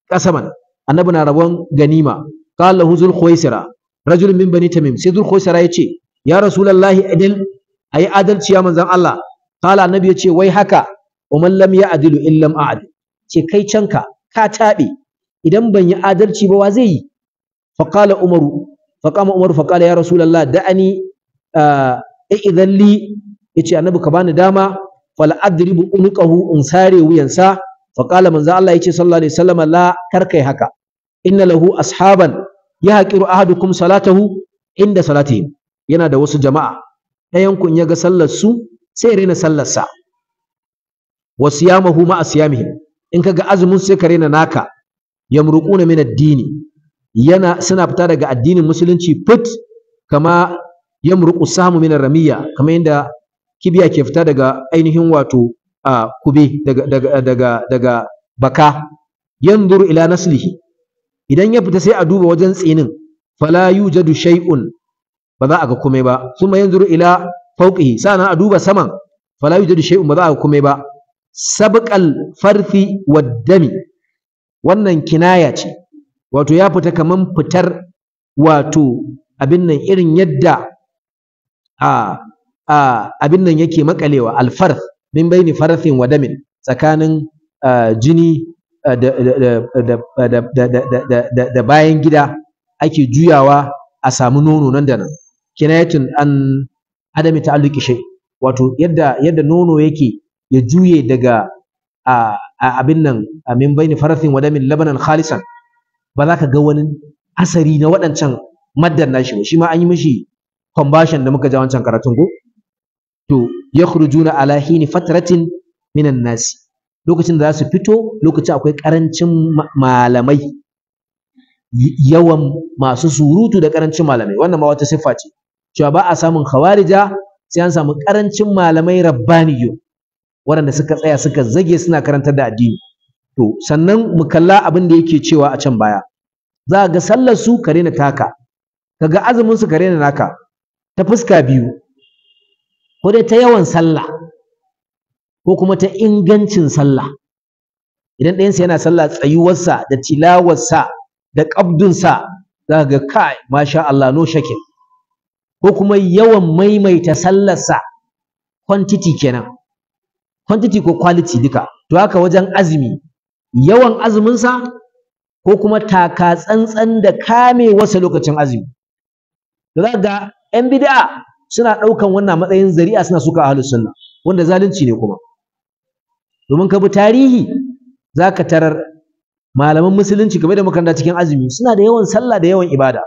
A: qasaman annabi na rabon ganima قال له ذو الخويسرة رجل من بني تميم سي ذو الخويسرة يتي يا رسول الله عدل أي عدل يا من زن الله قال النبي يتي ومن لم إن لم أعدل canka ka taɓe idan ban yi adalci ba wa zai yi faƙala umaru faƙama umaru faƙala ya rasulallah da'ani e idan li yace annabi ka bani dama fal adribu unuqahu in sare wuyansa faƙala manzo Allah yace sallallahu alaihi wasallam la haka inna lahu ashaban ya haƙiru ahadukum salatahu inda salatihim yana da wasu jama'a ɗayan kun ya ga sallar su sai rena sallar sa wa siyamahu ma asyamihim in kaga azumin sai ka rena naka yamruquna min ad-dini yana suna fita daga addinin musulunci fit kama yamruqu sahmu min ar-ramiyya kama yadda kibiya ke fita daga ainihin wato a kube daga daga daga daga baka yanzuru ila naslihi idan ya fita sai a duba wajen tsinin fala yujadu shay'un ba za a ga komai ba kuma yanzuru ila fawqihi sana a duba saman fala yujadu shay'un ba za a ga komai ba sabqal farthi wad dami wannan kinaya ce wato ya fita kaman fitar wato abin nan irin yadda a a abin nan yake makalewa alfarth min baini farthin wa damin tsakanin jini da bayan gida ake juyawa a samu nono nan da nan kinayatun an adami ta'alluqi shay wato yadda yadda nono yake ya juye daga a abin nan a min baini farathin wa damin labanan khalisan ba za ka ga wani asari na waɗancan maddan nashi ba shi ma an yi mishi conversion da muka ja wancan karatun go to yakhrujuna ala hini fatratin minan nasi lokacin da za su fito lokacin akwai karancin malamai yawan masu surutu da karancin malamai wannan ma wata siffa ce cewa ba a samun khawarija sai an samu karancin malamai rabbaniyo waɗanda suka tsaya suka zage suna karantar da addini to sannan mu kalla abin da yake cewa a can baya za ga sallar su kare na taka kaga azumin su kare na naka ta fuska biyu ko dai ta yawan sallah ko kuma ta ingancin sallah idan ɗayansa yana sallah tsayuwarsa da tilawarsa da ƙabdunsa za ga kai masha Allah no shakin ko kuma yawan maimaita sallarsa quantity kenan quantity ko quality duka to haka wajen azumi yawan azuminsa ko kuma taka tsantsan da kame wasu lokacin azumi to za ga 'yan bid'a suna ɗaukan wannan matsayin zari'a suna suka ahlus sunna wanda zalunci ne kuma domin ka bi tarihi za ka tarar malaman musulunci game da makaranta cikin azumi suna da yawan sallah da yawan ibada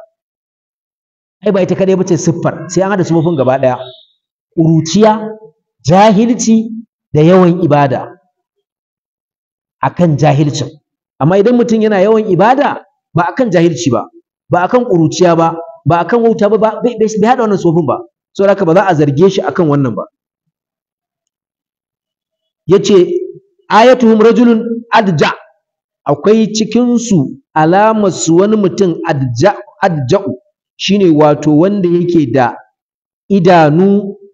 A: ai ba ita kadai bace siffar sai an hada sufofin gaba daya ƙuruciya jahilci da yawan ibada akan jahilcin amma idan mutum yana yawan ibada ba akan jahilci ba ba akan ƙuruciya ba ba akan wauta ba bai haɗa wannan tsofin ba saboda haka ba za a zarge shi akan wannan ba yace ayatuhum rajulun adja akwai cikin su alamar wani mutum adja adja'u shine wato wanda yake da idanu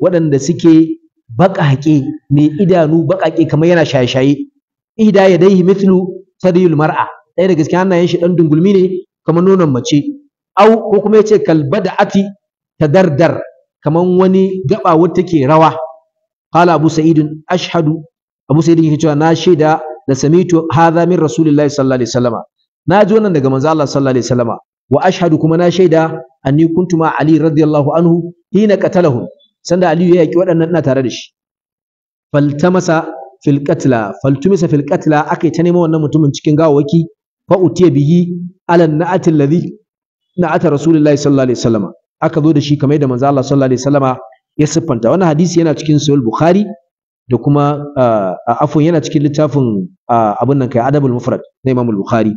A: waɗanda suke baƙaƙe mai idanu baƙaƙe kamar yana shaye-shaye ihda dai mithlu sariyul mar'a ɗaya gaske gaskiya hannayen shi ɗan dungulmi ne kamar nonon mace au ko kuma yace kalbada'ati tadardar kamar wani gaba wata ke rawa qala abu sa'idun ashhadu abu sa'id yake cewa na shaida da samitu hadha min rasulillahi sallallahu alaihi wasallama na ji wannan daga manzo Allah sallallahu alaihi wasallama wa ashhadu kuma na shaida anni kuntu ma ali radiyallahu anhu hina qatalahum sanda ali ya yaki waɗannan ina tare da shi faltamasa fil qatla faltumisa fil qatla akai ta neman wannan mutumin cikin gawawaki fa utiya bihi ala na'atil ladhi na'ata rasulullahi sallallahu alaihi wasallama aka zo da shi kamar da manzo Allah sallallahu alaihi wasallama ya siffanta wannan hadisi yana cikin sahih bukhari da kuma a afun yana cikin littafin abin nan kai adabul mufrad na imam bukhari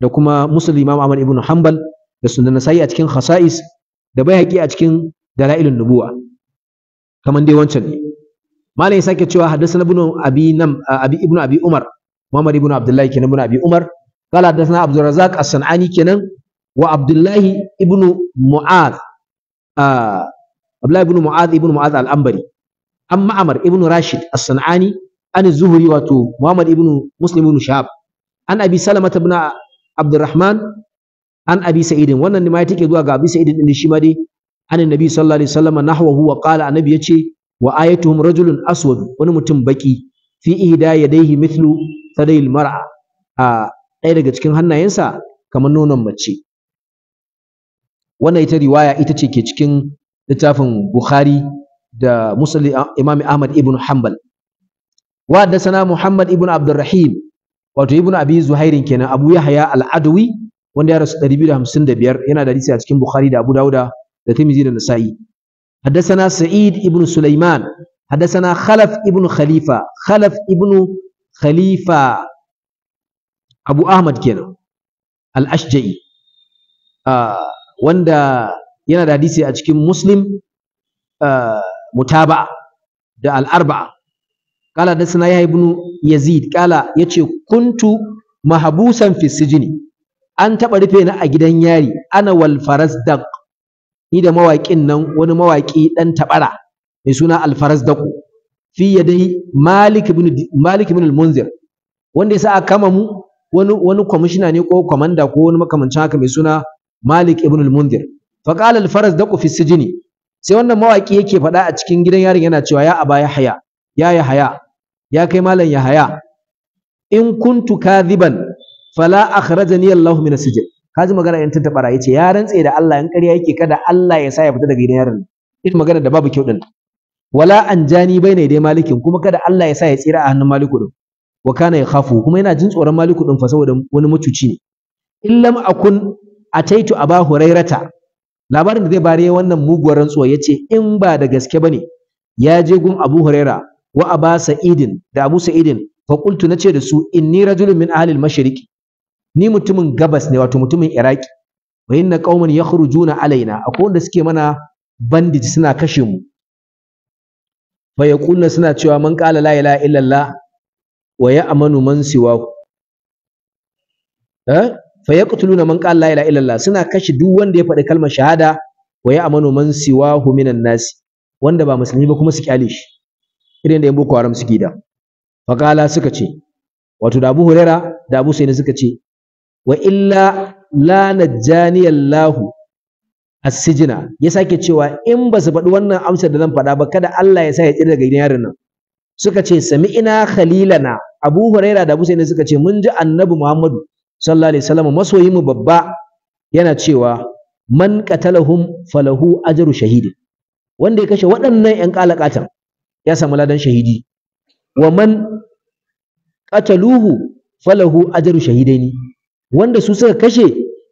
A: da kuma muslim imam ahmad ibn hanbal da sunan nasai a cikin khasa'is da bayhaqi a cikin dalailun nubuwa kaman dai wancan ne malam ya sake cewa hadathana ibn abi nam abi ibn abi umar muhammad ibn abdullah kenan ibn abi umar قال حدثنا عبد الرزاق الصنعاني Sanani kenan wa ابن Ibn آه عبد الله ابن معاذ ابن معاذ الأنبري an ma'amar ibnu rashid as-san'ani an zuhuri wato muhammad ibnu muslim ibnu shahab an abi salamata ibn abdurrahman an abi sa'idin wannan ne ma take zuwa ga abi sa'idin din shi ma dai an annabi sallallahu alaihi wasallam nahwahu wa qala annabi yace wa ayatuhum rajulun aswad wani mutum baki fi ihda yadayhi mithlu sadayil mar'a a ɗaya daga cikin hannayensa kamar nonon mace wannan ita riwaya ita ce ke cikin littafin bukhari da musulun imami ahmad ibn hanbal wa sana muhammad ibn abdurrahim wato ibn abi zuhairin kenan abu yahya al-adwi wanda ya rasu 255 yana da hadisi a cikin bukhari da abu dauda da tirmidhi da nasa'i haddathana sa'id ibn sulaiman haddathana khalaf ibn khalifa khalaf ibn khalifa abu ahmad kenan al-ashja'i ah, wanda yana da hadisi a cikin muslim ah, mutaba'a da al'arba'a qala suna ya ibnu yazid kala yace kuntu mahbusan fi sijini an taba rufe ni a gidan yari ana wal farasdaq ni da mawaƙin nan wani mawaƙi dan tabara mai suna al farasdaq fi yadai malik ibn malik ibn al munzir wanda yasa kama mu wani wani kwamishina ne ko komanda ko wani makamancin haka mai suna malik ibn al munzir fa qala al farasdaq fi sijini sai wannan mawaki yake faɗa a cikin gidan yarin yana cewa ya aba haya ya haya ya kai malam ya haya. in kuntu kadhiban fala akhrajani Allah min sijil kaji magana in tanta bara yace ya rantse da Allah in ƙarya yake kada Allah ya sa ya fita daga gidan yarin ita magana da babu kyau din wala anjani baina dai malikin kuma kada Allah ya sa ya tsira a hannun maliku din wa kana khafu, kuma yana jin tsoron maliku din fa saboda wani mutuci ne in lam akun ataitu aba hurairata labarin da zai bare wannan muguwar rantsuwa yace in ba da gaske ba ne. ya je gun Abu Huraira wa Aba Sa'idin da Abu Sa'idin fa qultu nace da su inni rajulun min ahli al mashriq ni mutumin gabas ne wato mutumin Iraki wa inna qauman yakhrujuna alaina akwai wanda suke mana bandage suna kashe mu fa yaqulna suna cewa man qala la ilaha illallah wa ya'manu man siwaku eh fa yaqtuluna man qala la ilaha illallah suna kashe duk wanda ya faɗi kalmar shahada wa ya amanu man siwahu minan nas wanda ba musulmi ba kuma su kyale shi irin da yan boko haram suke da fa qala suka ce wato da Abu Huraira da Abu Sa'id suka ce wa illa la najjani Allah as-sijna ya sake cewa in ba su faɗi wannan amsar da zan faɗa ba kada Allah ya sa ya tsira daga gidan yaron nan suka ce sami'ina khalilana Abu Huraira da Abu Sa'id suka ce mun ji Annabi Muhammadu sallallahu alaihi wasallam masoyin mu babba yana cewa man qatalahum falahu ajru shahidi wanda ya kashe waɗannan ƴan kalakatan ya samu ladan shahidi wa man qataluhu falahu ajru shahidaini wanda su suka kashe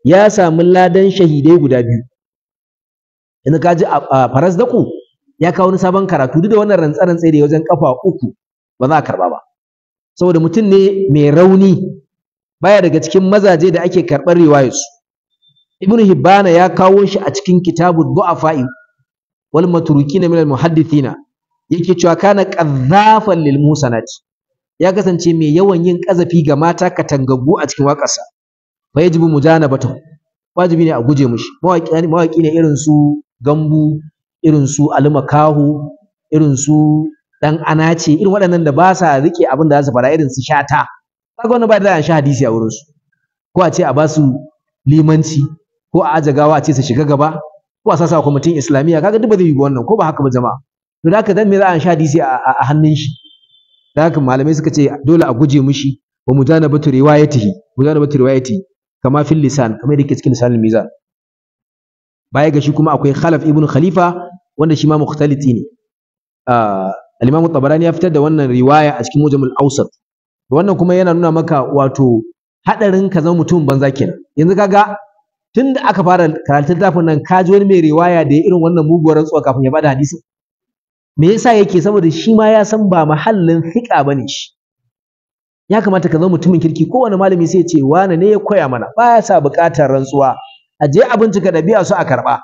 A: ya samu ladan shahidai guda biyu ka ji a faras daku ya kawo ni sabon karatu duk da wannan rantsa-rantsai da wajen kafa uku ba za a karba ba saboda mutum ne mai rauni baya daga cikin mazaje da ake karɓar riwayarsu ibnu hibbana ya kawo shi a cikin kitabu du'afa'i wal matrukina min al muhaddithina yake cewa kana qadhafan lil musanati ya kasance mai yawan yin kazafi ga mata katangagu a cikin waƙarsa fa yajibu mujanabatu wajibi ne a guje mushi mawaki mawaki ne irin su gambu irin su almakahu irin su dan anace irin waɗannan da ba sa rike abin da za su fara irin su shata kaga wani ba da an sha hadisi a wurin su ko a ce a ba su limanci ko a ajagawa a ce su shiga gaba ko a sasa kwamitin islamiyya kaga duk ba zai yi wannan ko ba haka ba jama'a to da haka dan me za a sha hadisi a hannun shi da haka malamai suka ce dole a guje mishi wa mujanabatu riwayatihi mujanabatu riwayatihi kama fil lisan kamar yadda ke cikin lisan mizan baya ga shi kuma akwai khalaf ibn khalifa wanda shi ma mukhtaliti ne ah, al-imam tabarani ya fitar da wannan riwaya a cikin mujamul awsat wannan kuma yana nuna maka wato haɗarin ka zama mutum banza kenan yanzu kaga tun da aka fara karatun littafin nan ka ji wani mai riwaya da ya irin wannan muguwar rantsuwa kafin ya bada hadisin me yasa yake saboda shi ma ya san ba mahallin fiƙa bane shi ya kamata ka zama mutumin kirki kowane malami sai ya ce wane ne ya koya mana Ba ya sa buƙatar rantsuwa a je abinci, ka ɗabi'a su a karɓa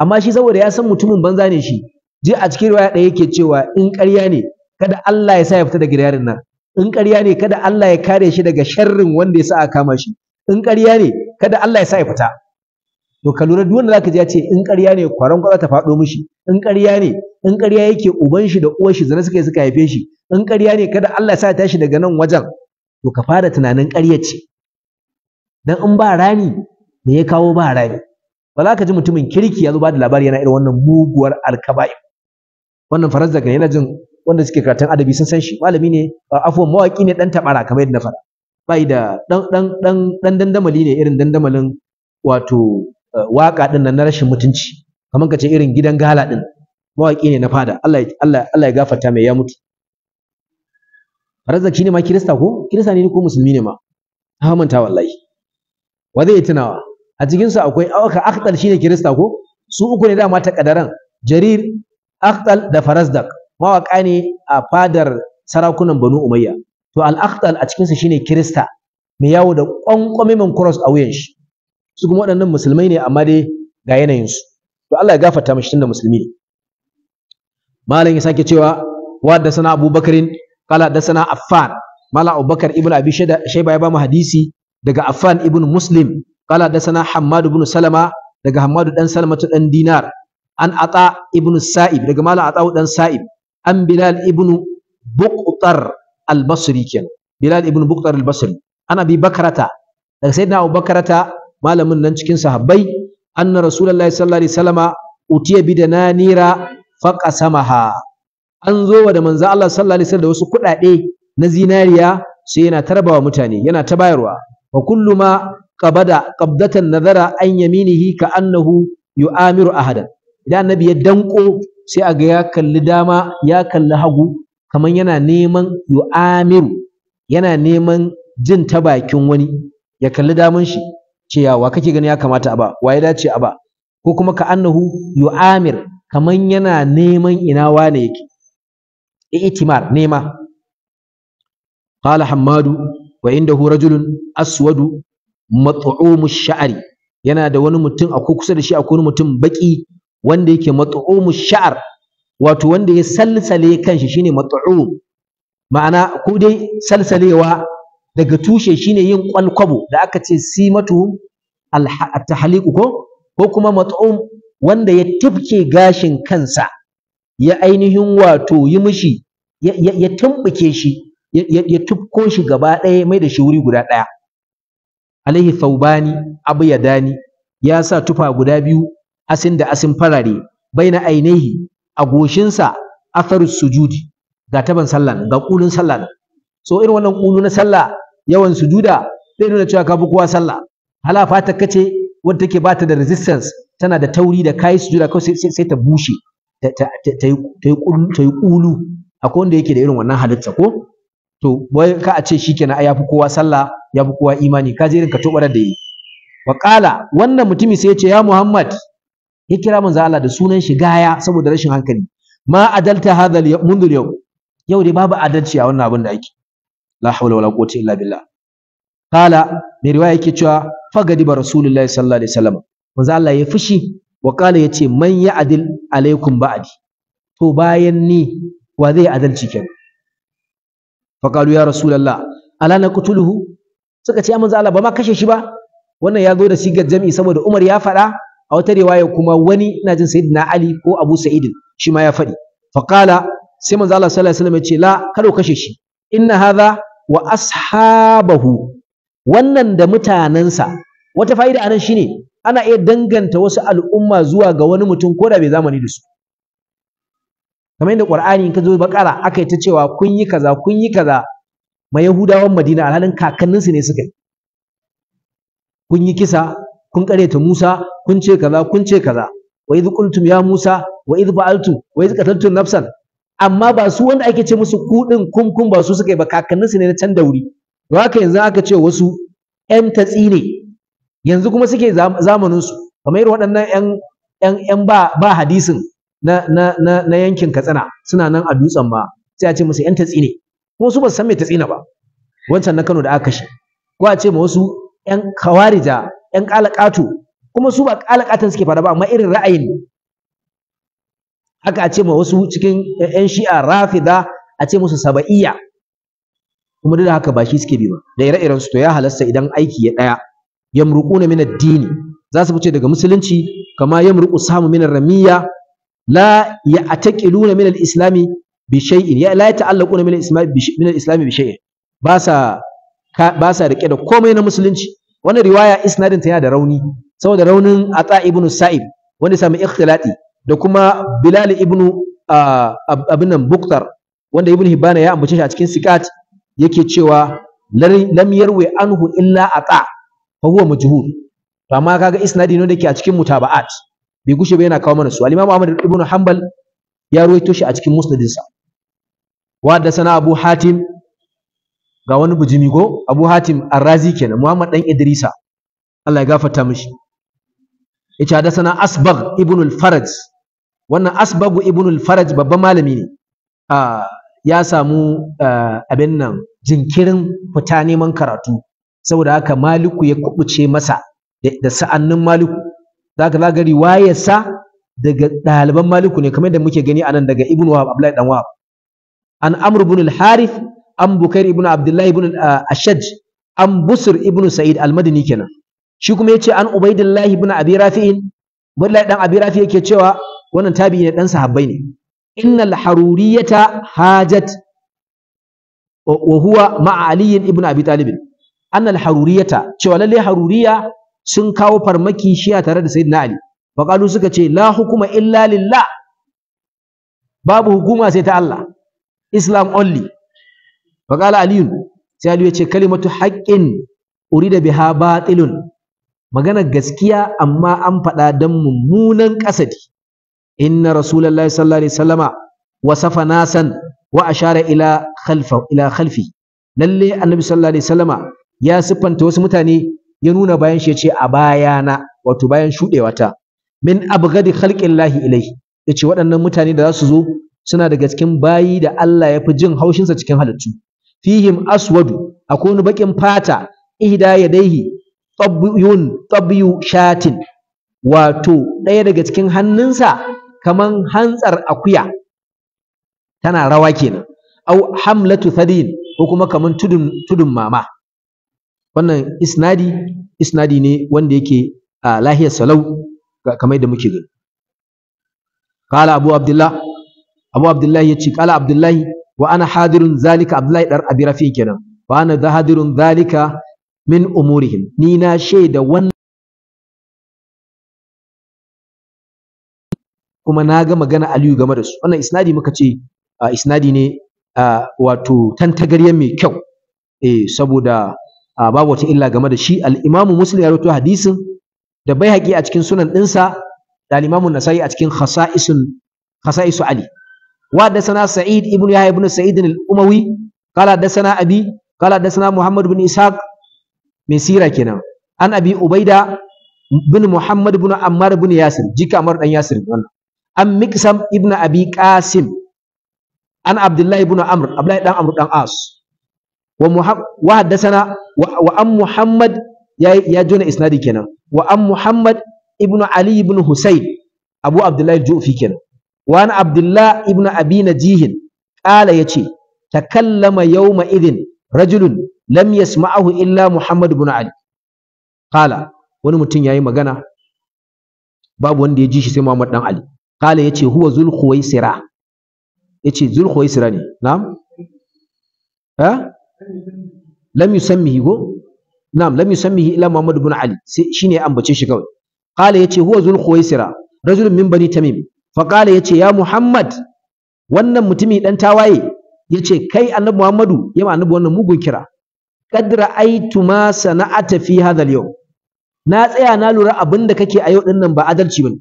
A: amma shi saboda ya san mutumin banza ne shi je a cikin riwaya ɗaya yake cewa in ƙarya ne kada Allah ya sa ya fita daga yarin nan in ƙarya ne kada Allah ya kare shi daga sharrin wanda ya sa a kama shi in ƙarya ne kada Allah ya sa ya fita to ka lura duk wanda zaka ji ya ce in ƙarya ne kwaron kwaza ta faɗo mishi in ƙarya ne in ƙarya yake uban shi da uwar shi zana suka yi suka haife shi in ƙarya ne kada Allah ya sa ya tashi daga nan wajen to ka fara tunanin ƙarya ce dan in ba rani me ya kawo ba rani ba za ka ji mutumin kirki ya zo ba da labari yana irin wannan muguwar alkaba'i wannan farazza daga yana jin wanda suke karatun adabi sun san shi malami ne afuwan mawaki ne dan tabara kamar yadda na faɗa bai da dan dan dan dan dandamali ne irin dandamalin wato waka din nan na rashin mutunci kamar kace irin gidan gala din mawaki ne na fada Allah Allah Allah ya gafarta mai ya mutu Razaki ne ma Kirista ko Kirista ne ko musulmi ne ma ha manta wallahi wa zai tunawa a cikin su akwai aka akdal shine Kirista ko su uku ne ma ta kadaran Jarir Akdal da Farazdak mawaƙa ne a fadar sarakunan banu umayya to al-akhtal a cikinsa shine kirista mai yawo da ƙwanƙwamimin cross a wuyan shi su kuma waɗannan musulmai ne amma dai ga yanayinsu to Allah ya gafarta mashi tunda musulmi ne malam ya sake cewa wa da sana abubakarin kala da sana affan malam abubakar ibn abi shaiba ya ba mu hadisi daga affan ibn muslim kala da sana hammad ibn salama daga hammad dan salama dan dinar an ata ibn sa'ib daga malam ata dan sa'ib an bilal ibn buqtar al-basri kenan bilal ibn buqtar al-basri ana bi bakarata daga sayyidina abu bakarata malamin nan cikin sahabbai anna rasulullahi sallallahu alaihi wasallama utiya bi dananira faqasamaha an zo wa da manzo Allah sallallahu alaihi wasallam da wasu kuɗaɗe na zinariya sai yana tarbawa mutane yana ta bayarwa wa kullu ma qabada qabdatan nazara an yaminihi ka annahu yu'amiru ahadan idan annabi ya danko sai a ga ya kalli dama ya kalli hagu kamar yana neman amiru yana neman jin ta bakin wani ya kalli daman shi ce ya wa kake gani ya kamata a ba wa ya dace a ba ko kuma ka annahu yu'amir kamar yana neman ina wane yake i'timar nema qala Hamadu, wa indahu rajulun aswadu mat'umu sha'ri yana da wani mutum a kusa da shi akwai wani mutum baki wanda yake mat'umu sha'ar wato wanda ya salsale kanshi shine mat'um ma'ana ko dai salsalewa daga tushe shine yin kwalkwabo da aka ce simatu at tahliqu ko ko kuma mat'um wanda ya tifke gashin kansa ya ainihin wato yi mishi ya tumbuke shi ya tufko shi gaba ɗaya mai da shi wuri guda ɗaya alaihi thawbani Dani, ya sa tufa guda biyu asin da asin farare baina ainihi a goshinsa atharu sujudi ga taban sallan ga kulun sallan so irin wannan kulu na sallah yawan sujuda zai nuna cewa ka fi kowa sallah hala fata kace wanda take bata da resistance tana da tauri da kai sujuda kawai sai ta bushe ta yi kulu akwai wanda yake da irin wannan halitta ko to wai ka a ce shikenan ai yafi kowa sallah yafi kowa imani ka je irin ka tobar da yi wa qala wannan mutumi sai ya ce ya muhammad ya kira manzo Allah da sunan shi gaya saboda rashin hankali ma adalta hadha mundu yau yau dai babu adalci a wannan abin da ake la hawla wala quwwata illa billah qala mai riwaya yake cewa ba rasulullahi sallallahu alaihi wasallam manzo Allah ya fushi wa qala yace man ya adil alaikum ba'di to bayan ni wa zai adalci kenan faqalu ya rasulullah ala naqtuluhu suka ce manzo Allah ba ma kashe shi ba wannan ya zo da sigar jami'i saboda Umar ya faɗa a wata riwaya kuma wani ina jin sayyidina ali ko abu sa'id shi ma ya faɗi faqala sai manzo Allah sallallahu alaihi wasallam ya ce la kada ku kashe shi inna hadha wa ashabahu wannan da mutanansa wata fa'ida anan shine ana iya danganta wasu al'umma zuwa ga wani mutum ko da bai zamani da su kamar yadda qur'ani in ka zo bakara aka yi ta cewa kun yi kaza kun yi kaza ma yahudawan madina alhalin kakanninsu ne suka yi kun yi kisa kun ta Musa kun ce kaza kun ce kaza wa idh qultum ya Musa wa idh ba'altu wa idh qataltum nafsan amma ba su wanda ake ce musu ku din kun kun ba su suka yi ba kakannin su ne na can da wuri to haka yanzu aka ce wasu ƴan tatsi ne yanzu kuma suke zamanin su kamar irin waɗannan ƴan ƴan ƴan ba ba hadisin na na na, na yankin Katsina suna nan a dutsen ma sai a ce musu ƴan tatsi ne kuma su ba san me tatsi na ba wancan na Kano da aka kashe ko a ce ma wasu ƴan kawarija 'yan ƙalaƙatu, kuma su ba ƙalaƙatan suke fada ba amma irin ra'ayin haka a ce ma wasu cikin 'yan shi'a rafida a ce musu saba'iyya kuma duk da haka ba shi suke bi ba da ire-iren su to ya halasta idan aiki ya daya na min ad-dini za su fice daga musulunci kama yamruqu samu min ar-ramiyya la ya'taqiluna min al-islami bi shay'in ya la ta'allaquna min al-islami bi shay'in ba sa ba sa rike da komai na musulunci wannan riwaya isnadin ta yana da rauni saboda raunin ata ibnu sa'ib wanda sami ikhtilati da kuma bilal ibnu abin nan buktar wanda ibnu hibana ya ambace shi a cikin sikat yake cewa lam yarwi anhu illa ata fa huwa majhul to amma kaga isnadi ne da ke a cikin mutaba'at bai gushe ba yana kawo mana su al-imam Ahmad ibn Hanbal ya ruwaito shi a cikin musnadinsa wa da sana Abu Hatim ga wani bujimi ko? Abu Hatim ar kenan Muhammad dan Idrisa Allah ya gafarta mishi yace sana asbag ibn al-Faraj wannan Asbagu ibn al-Faraj babban malami ne ya samu abin nan jinkirin fita neman karatu saboda haka Maliku ya kubuce masa da sa'annin Maliku zaka zaga sa daga ɗaliban Maliku ne kamar da muke gani anan daga Ibn Wahab Abdullahi dan Wahab an Amr ibn al-Harith an bukair ibn abdullahi ibn uh, ashaj an busur ibn sa'id al-madani kenan shi kuma yace an ubaidillahi ibn abi rafi'in mullahi dan abi rafi yake cewa wannan tabi'i ne dan sahabbai ne innal haruriyata hajat wa huwa ma'a ali ibn abi talib annal haruriyata cewa lalle haruriya sun kawo farmaki shi tare da sayyidina ali faqalu suka ce la hukuma illa lillah babu hukuma sai ta Allah Islam only fa aliyun ali sai ali yace kalimatu haqqin urida biha batilun magana gaskiya amma an faɗa dan mummunan ƙasadi. inna Rasulallah sallallahu alaihi wasallama safa nasan wa ashara ila khalfa ila khalfi lalle annabi sallallahu alaihi ya siffanta wasu mutane ya nuna bayan shi yace a bayana wato bayan shuɗewata min abgadi lahi ilai yace waɗannan mutane da za su zo suna daga cikin bayi da Allah ya fi jin haushinsa cikin halittu fihim aswadu akwai wani baƙin fata ihda yadaihi tabyun tabyu shatin wato ɗaya daga cikin hannunsa kaman hantsar akuya tana rawa kenan au hamlatu thadin ko kuma kaman tudun tudun mama wannan isnadi isnadi ne wanda yake a lahiyar salau kamar da muke gani Kala abu abdullah abu abdullah yace kala abdullahi wa ana hadirun zalika abdullahi dar abi rafi kenan wa ana hadirun zalika min umurihim ni na shaida wannan kuma na ga magana aliyu game da su wannan isnadi muka ce isnadi ne wato tantagarya mai kyau eh saboda babu wata illa game da shi al-imamu muslim ya rawaito hadisin da bai haƙi a cikin sunan ɗinsa da al nasai a cikin khasa'isun khasa'isu ali وحدثنا سعيد ابن يحيى بن سعيد الأموي قال حدثنا أبي قال حدثنا محمد بن إسحاق من سيرة كنا عن أبي عبيدة بن محمد بن عمار بن ياسر جيك عمار بن ياسر عن مقسم ابن أبي قاسم عن عبد الله بن عمرو عبد الله بن عمرو بن عاص وحدثنا وأم محمد يا جون إسنادي كنا وأم محمد ابن علي بن حسين أبو عبد الله الجوفي كنا وعن عبد الله ابن أبي نجيه قال يتي تكلم يومئذ رجل لم يسمعه إلا محمد بن علي قال wani mutum yayi magana babu wanda ya ji shi sai Muhammad dan Ali qala yace huwa zul khuwaisira yace zul khuwaisira ne na'am ha lam yusammihi go na'am lam yusammihi illa Muhammad Ali shine ambace shi kawai qala yace huwa zul khuwaisira rajulun min bani tamim faƙala ya ce ya muhammad wannan mutumi ɗan tawaye ya ce kai annabi muhammadu ya ma annabi wannan mugun kira qad ra'aytu ma sana'ata fi hadal yau na tsaya na lura abin da kake a yau ɗin nan ba adalci ne.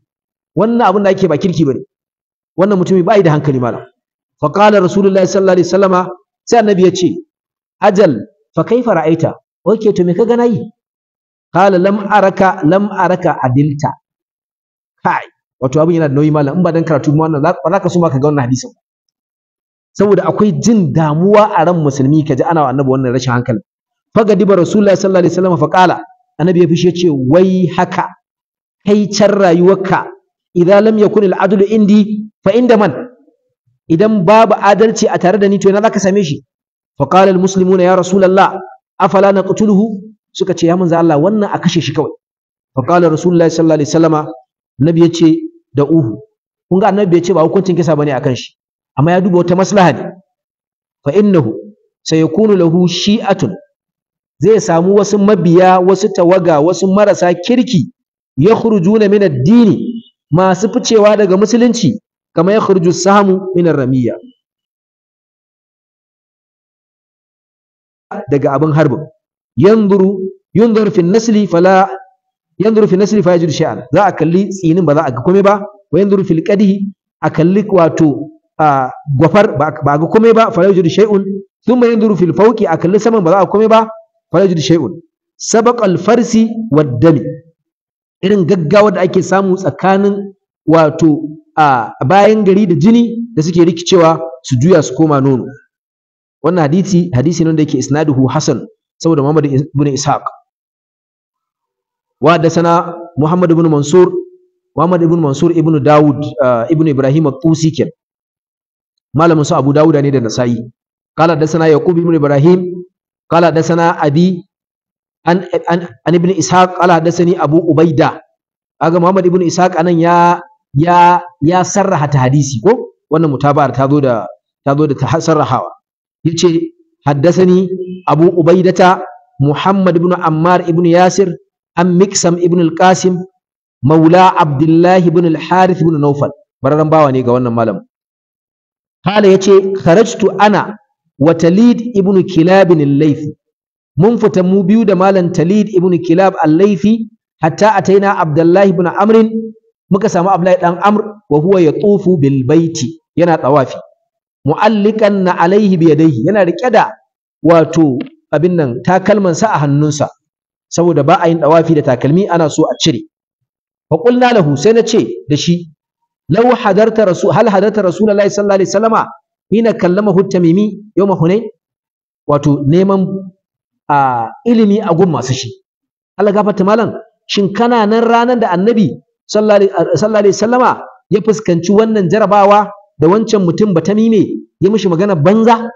A: wannan abin da ake ba kirki ne. wannan mutumi ba da hankali malam faƙala rasulullahi sallallahu alaihi Sallama sai annabi ya ce ajal fa kaifa ra'aita Ok to me ka gana yi qala lam araka lam araka adilta kai wato abin yana da nauyi malam in ba dan karatu wannan ba za ka so ma ka ga wannan hadisin saboda akwai jin damuwa a ran musulmi ka ji ana wa annabi wannan rashin hankali fagadiba rasulullahi sallallahu alaihi wasallam fa qala annabi ya fishe ce wai haka kai can rayuwarka idan lam yakun al adlu indi fa inda man idan babu adalci a tare da ni to ina zaka same shi fa qala al muslimuna ya rasulullah afala naqtuluhu suka ce ya manzo Allah wannan a kashe shi kawai fa qala rasulullahi sallallahu alaihi wasallam nabi ya ce da uhu kun ga annabi bai ce ba hukuncin kisa bane akan shi amma ya duba wata maslaha ne fa innahu sayakunu lahu shi'atun zai samu wasu mabiya wasu tawaga wasu marasa kirki ya yakhrujuna min ad masu ficewa daga musulunci kama yakhruju samu min ar-ramiya daga abin harbin yanzuru yunzur fi nasli fala yanzuru fi nasri fa yajidu za a kalli tsinin ba za a ga komai ba wa yanzuru fil qadihi a kalli wato gwafar ba ga komai ba fa shay'un thumma yanzuru fil fawqi a kalli saman ba za a komai ba fa shay'un sabaq farsi wad dami irin gaggawa da ake samu tsakanin wato a bayan gari da jini da suke rikicewa su juya su koma nono wannan hadisi hadisi ne da yake isnaduhu hasan saboda Muhammad ibn Ishaq وحدثنا محمد بن منصور محمد بن منصور ابن داود ابن إبراهيم الطوسي كان ما لم داود أني النسائي قال حدثنا يعقوب بن إبراهيم قال حدثنا an ibn ishaq abu ubaida kaga muhammad ibn ishaq anan ya ya ya sarraha ta hadisi ko wannan mutabar ta zo da ta zo da sarrahawa yace haddasani abu ubaidata muhammad ibn ammar ibn yasir an miksam ibn al-qasim maula abdullahi ibn al-harith ibn nawfal bawa ne ga wannan malam kala yace kharajtu ana wa talid ibn kilab al mun fita mu biyu da malam talid ibn kilab al-laythi hatta ataina abdullahi ibn amr muka samu abdullahi dan amr wa huwa yatufu bil baiti yana tawafi mu'allikan na alaihi biyadaihi yana rike da wato abin nan takalmansa a hannunsa saboda ba a yin dawafi da takalmi ana so a cire fa qulna lahu sai na ce da shi law hadarta rasul hal hadarta rasulullahi sallallahu alaihi wasallama hina kallamahu tamimi yawma hunain wato neman a ilimi a gun masu shi Allah gafarta malam shin kana nan ranar da annabi sallallahu alaihi wasallama ya fuskanci wannan jarabawa da wancan mutum batami ne ya mishi magana banza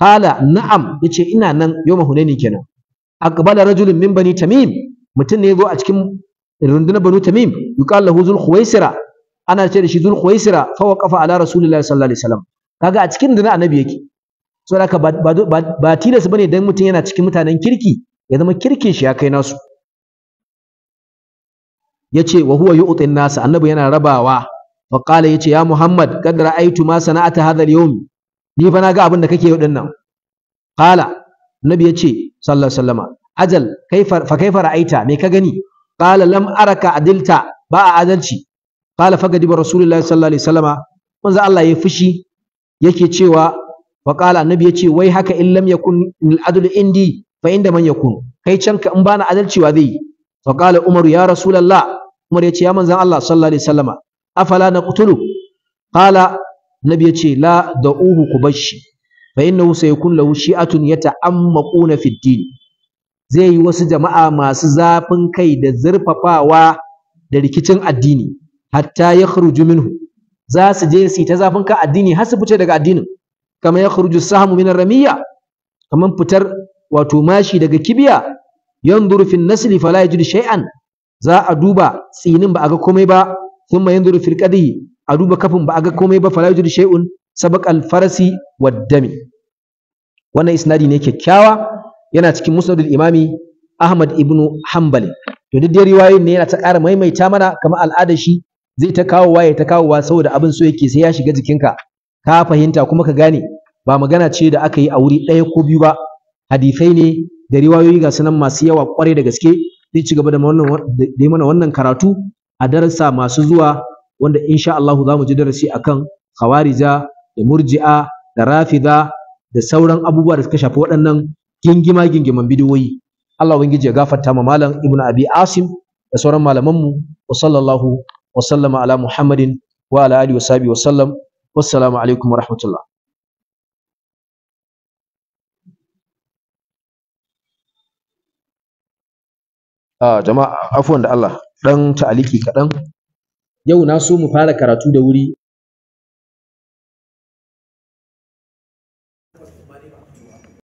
A: hala na'am yace ina nan yawma hunaini kenan aqbala rajulun min bani tamim mutum ne ya a cikin rundunar banu tamim yuqal lahu zul khuwaisira ana ce da shi zul khuwaisira fa waqafa ala rasulillahi sallallahu alaihi wasallam kaga a cikin rundunar annabi yake so ba tilas bane dan mutum yana cikin mutanen kirki ya zama kirkin shi ya kai nasu yace wa huwa yu'tin nas annabi yana rabawa fa qala yace ya muhammad kad ra'aytu ma sana'ata hadha al-yawm ni fa naga abin da kake yau din nan qala nabi ya ce sallallahu sallama ajal fa kaifa ra'aita me ka gani qala lam araka adilta ba a adalci qala fa gadiba rasulullahi sallallahu alaihi wasallama manzo Allah ya fushi yake cewa fa qala annabi ya ce wai haka in lam yakun al adl indi fa inda man yakun kai can ka in bana adalci wa zai fa qala umar ya rasulullah umar ya ce ya manzo Allah sallallahu alaihi wasallama afala naqtulu qala nabi ya ce la da'uhu kubashi fa innahu sayakun lahu shi'atun yata'ammaquna fid din zai yi wasu jama'a masu zafin kai da zurfafawa da rikicin addini hatta yakhruju minhu za su je su ta zafin ka addini har su fice daga addinin kama yakhruju sahmu min ramiya kaman fitar wato mashi daga kibiya yanzuru fi nasli fala yajidu shay'an za a duba tsinin ba a ga komai ba thumma yanzuru fil qadhi a duba kafin ba a ga komai ba fala yajidu shay'un sabaqal farasi waddami wannan isnadi ne kyakkyawa yana cikin musnadul imami Ahmad ibnu Hanbal to duk dai riwayoyin ne yana ta ƙara maimaita mana kamar al'ada shi zai ta kawowa ya ta kawowa saboda abin so yake sai ya shiga jikinka ka fahimta kuma ka gane ba magana ce da aka yi a wuri ɗaya ko biyu ba hadisai ne da riwayoyi ga sunan masu yawa kwarai da gaske zai ci gaba da mana wannan karatu a darasa masu zuwa wanda insha Allah za mu ji darasi akan khawarija da murji'a da rafida da sauran abubuwa da suka shafi waɗannan gingima gingiman bidiyoyi Allah ubangiji ya gafarta ma malam Ibn abi asim da sauran malamanmu wa sallallahu wa sallama ala muhammadin wa ala alihi wa sahbihi wa sallam wassalamu alaikum wa rahmatullah Ah, jama'a afuwan da Allah dan ta'aliki kaɗan yau na so mu fara karatu da wuri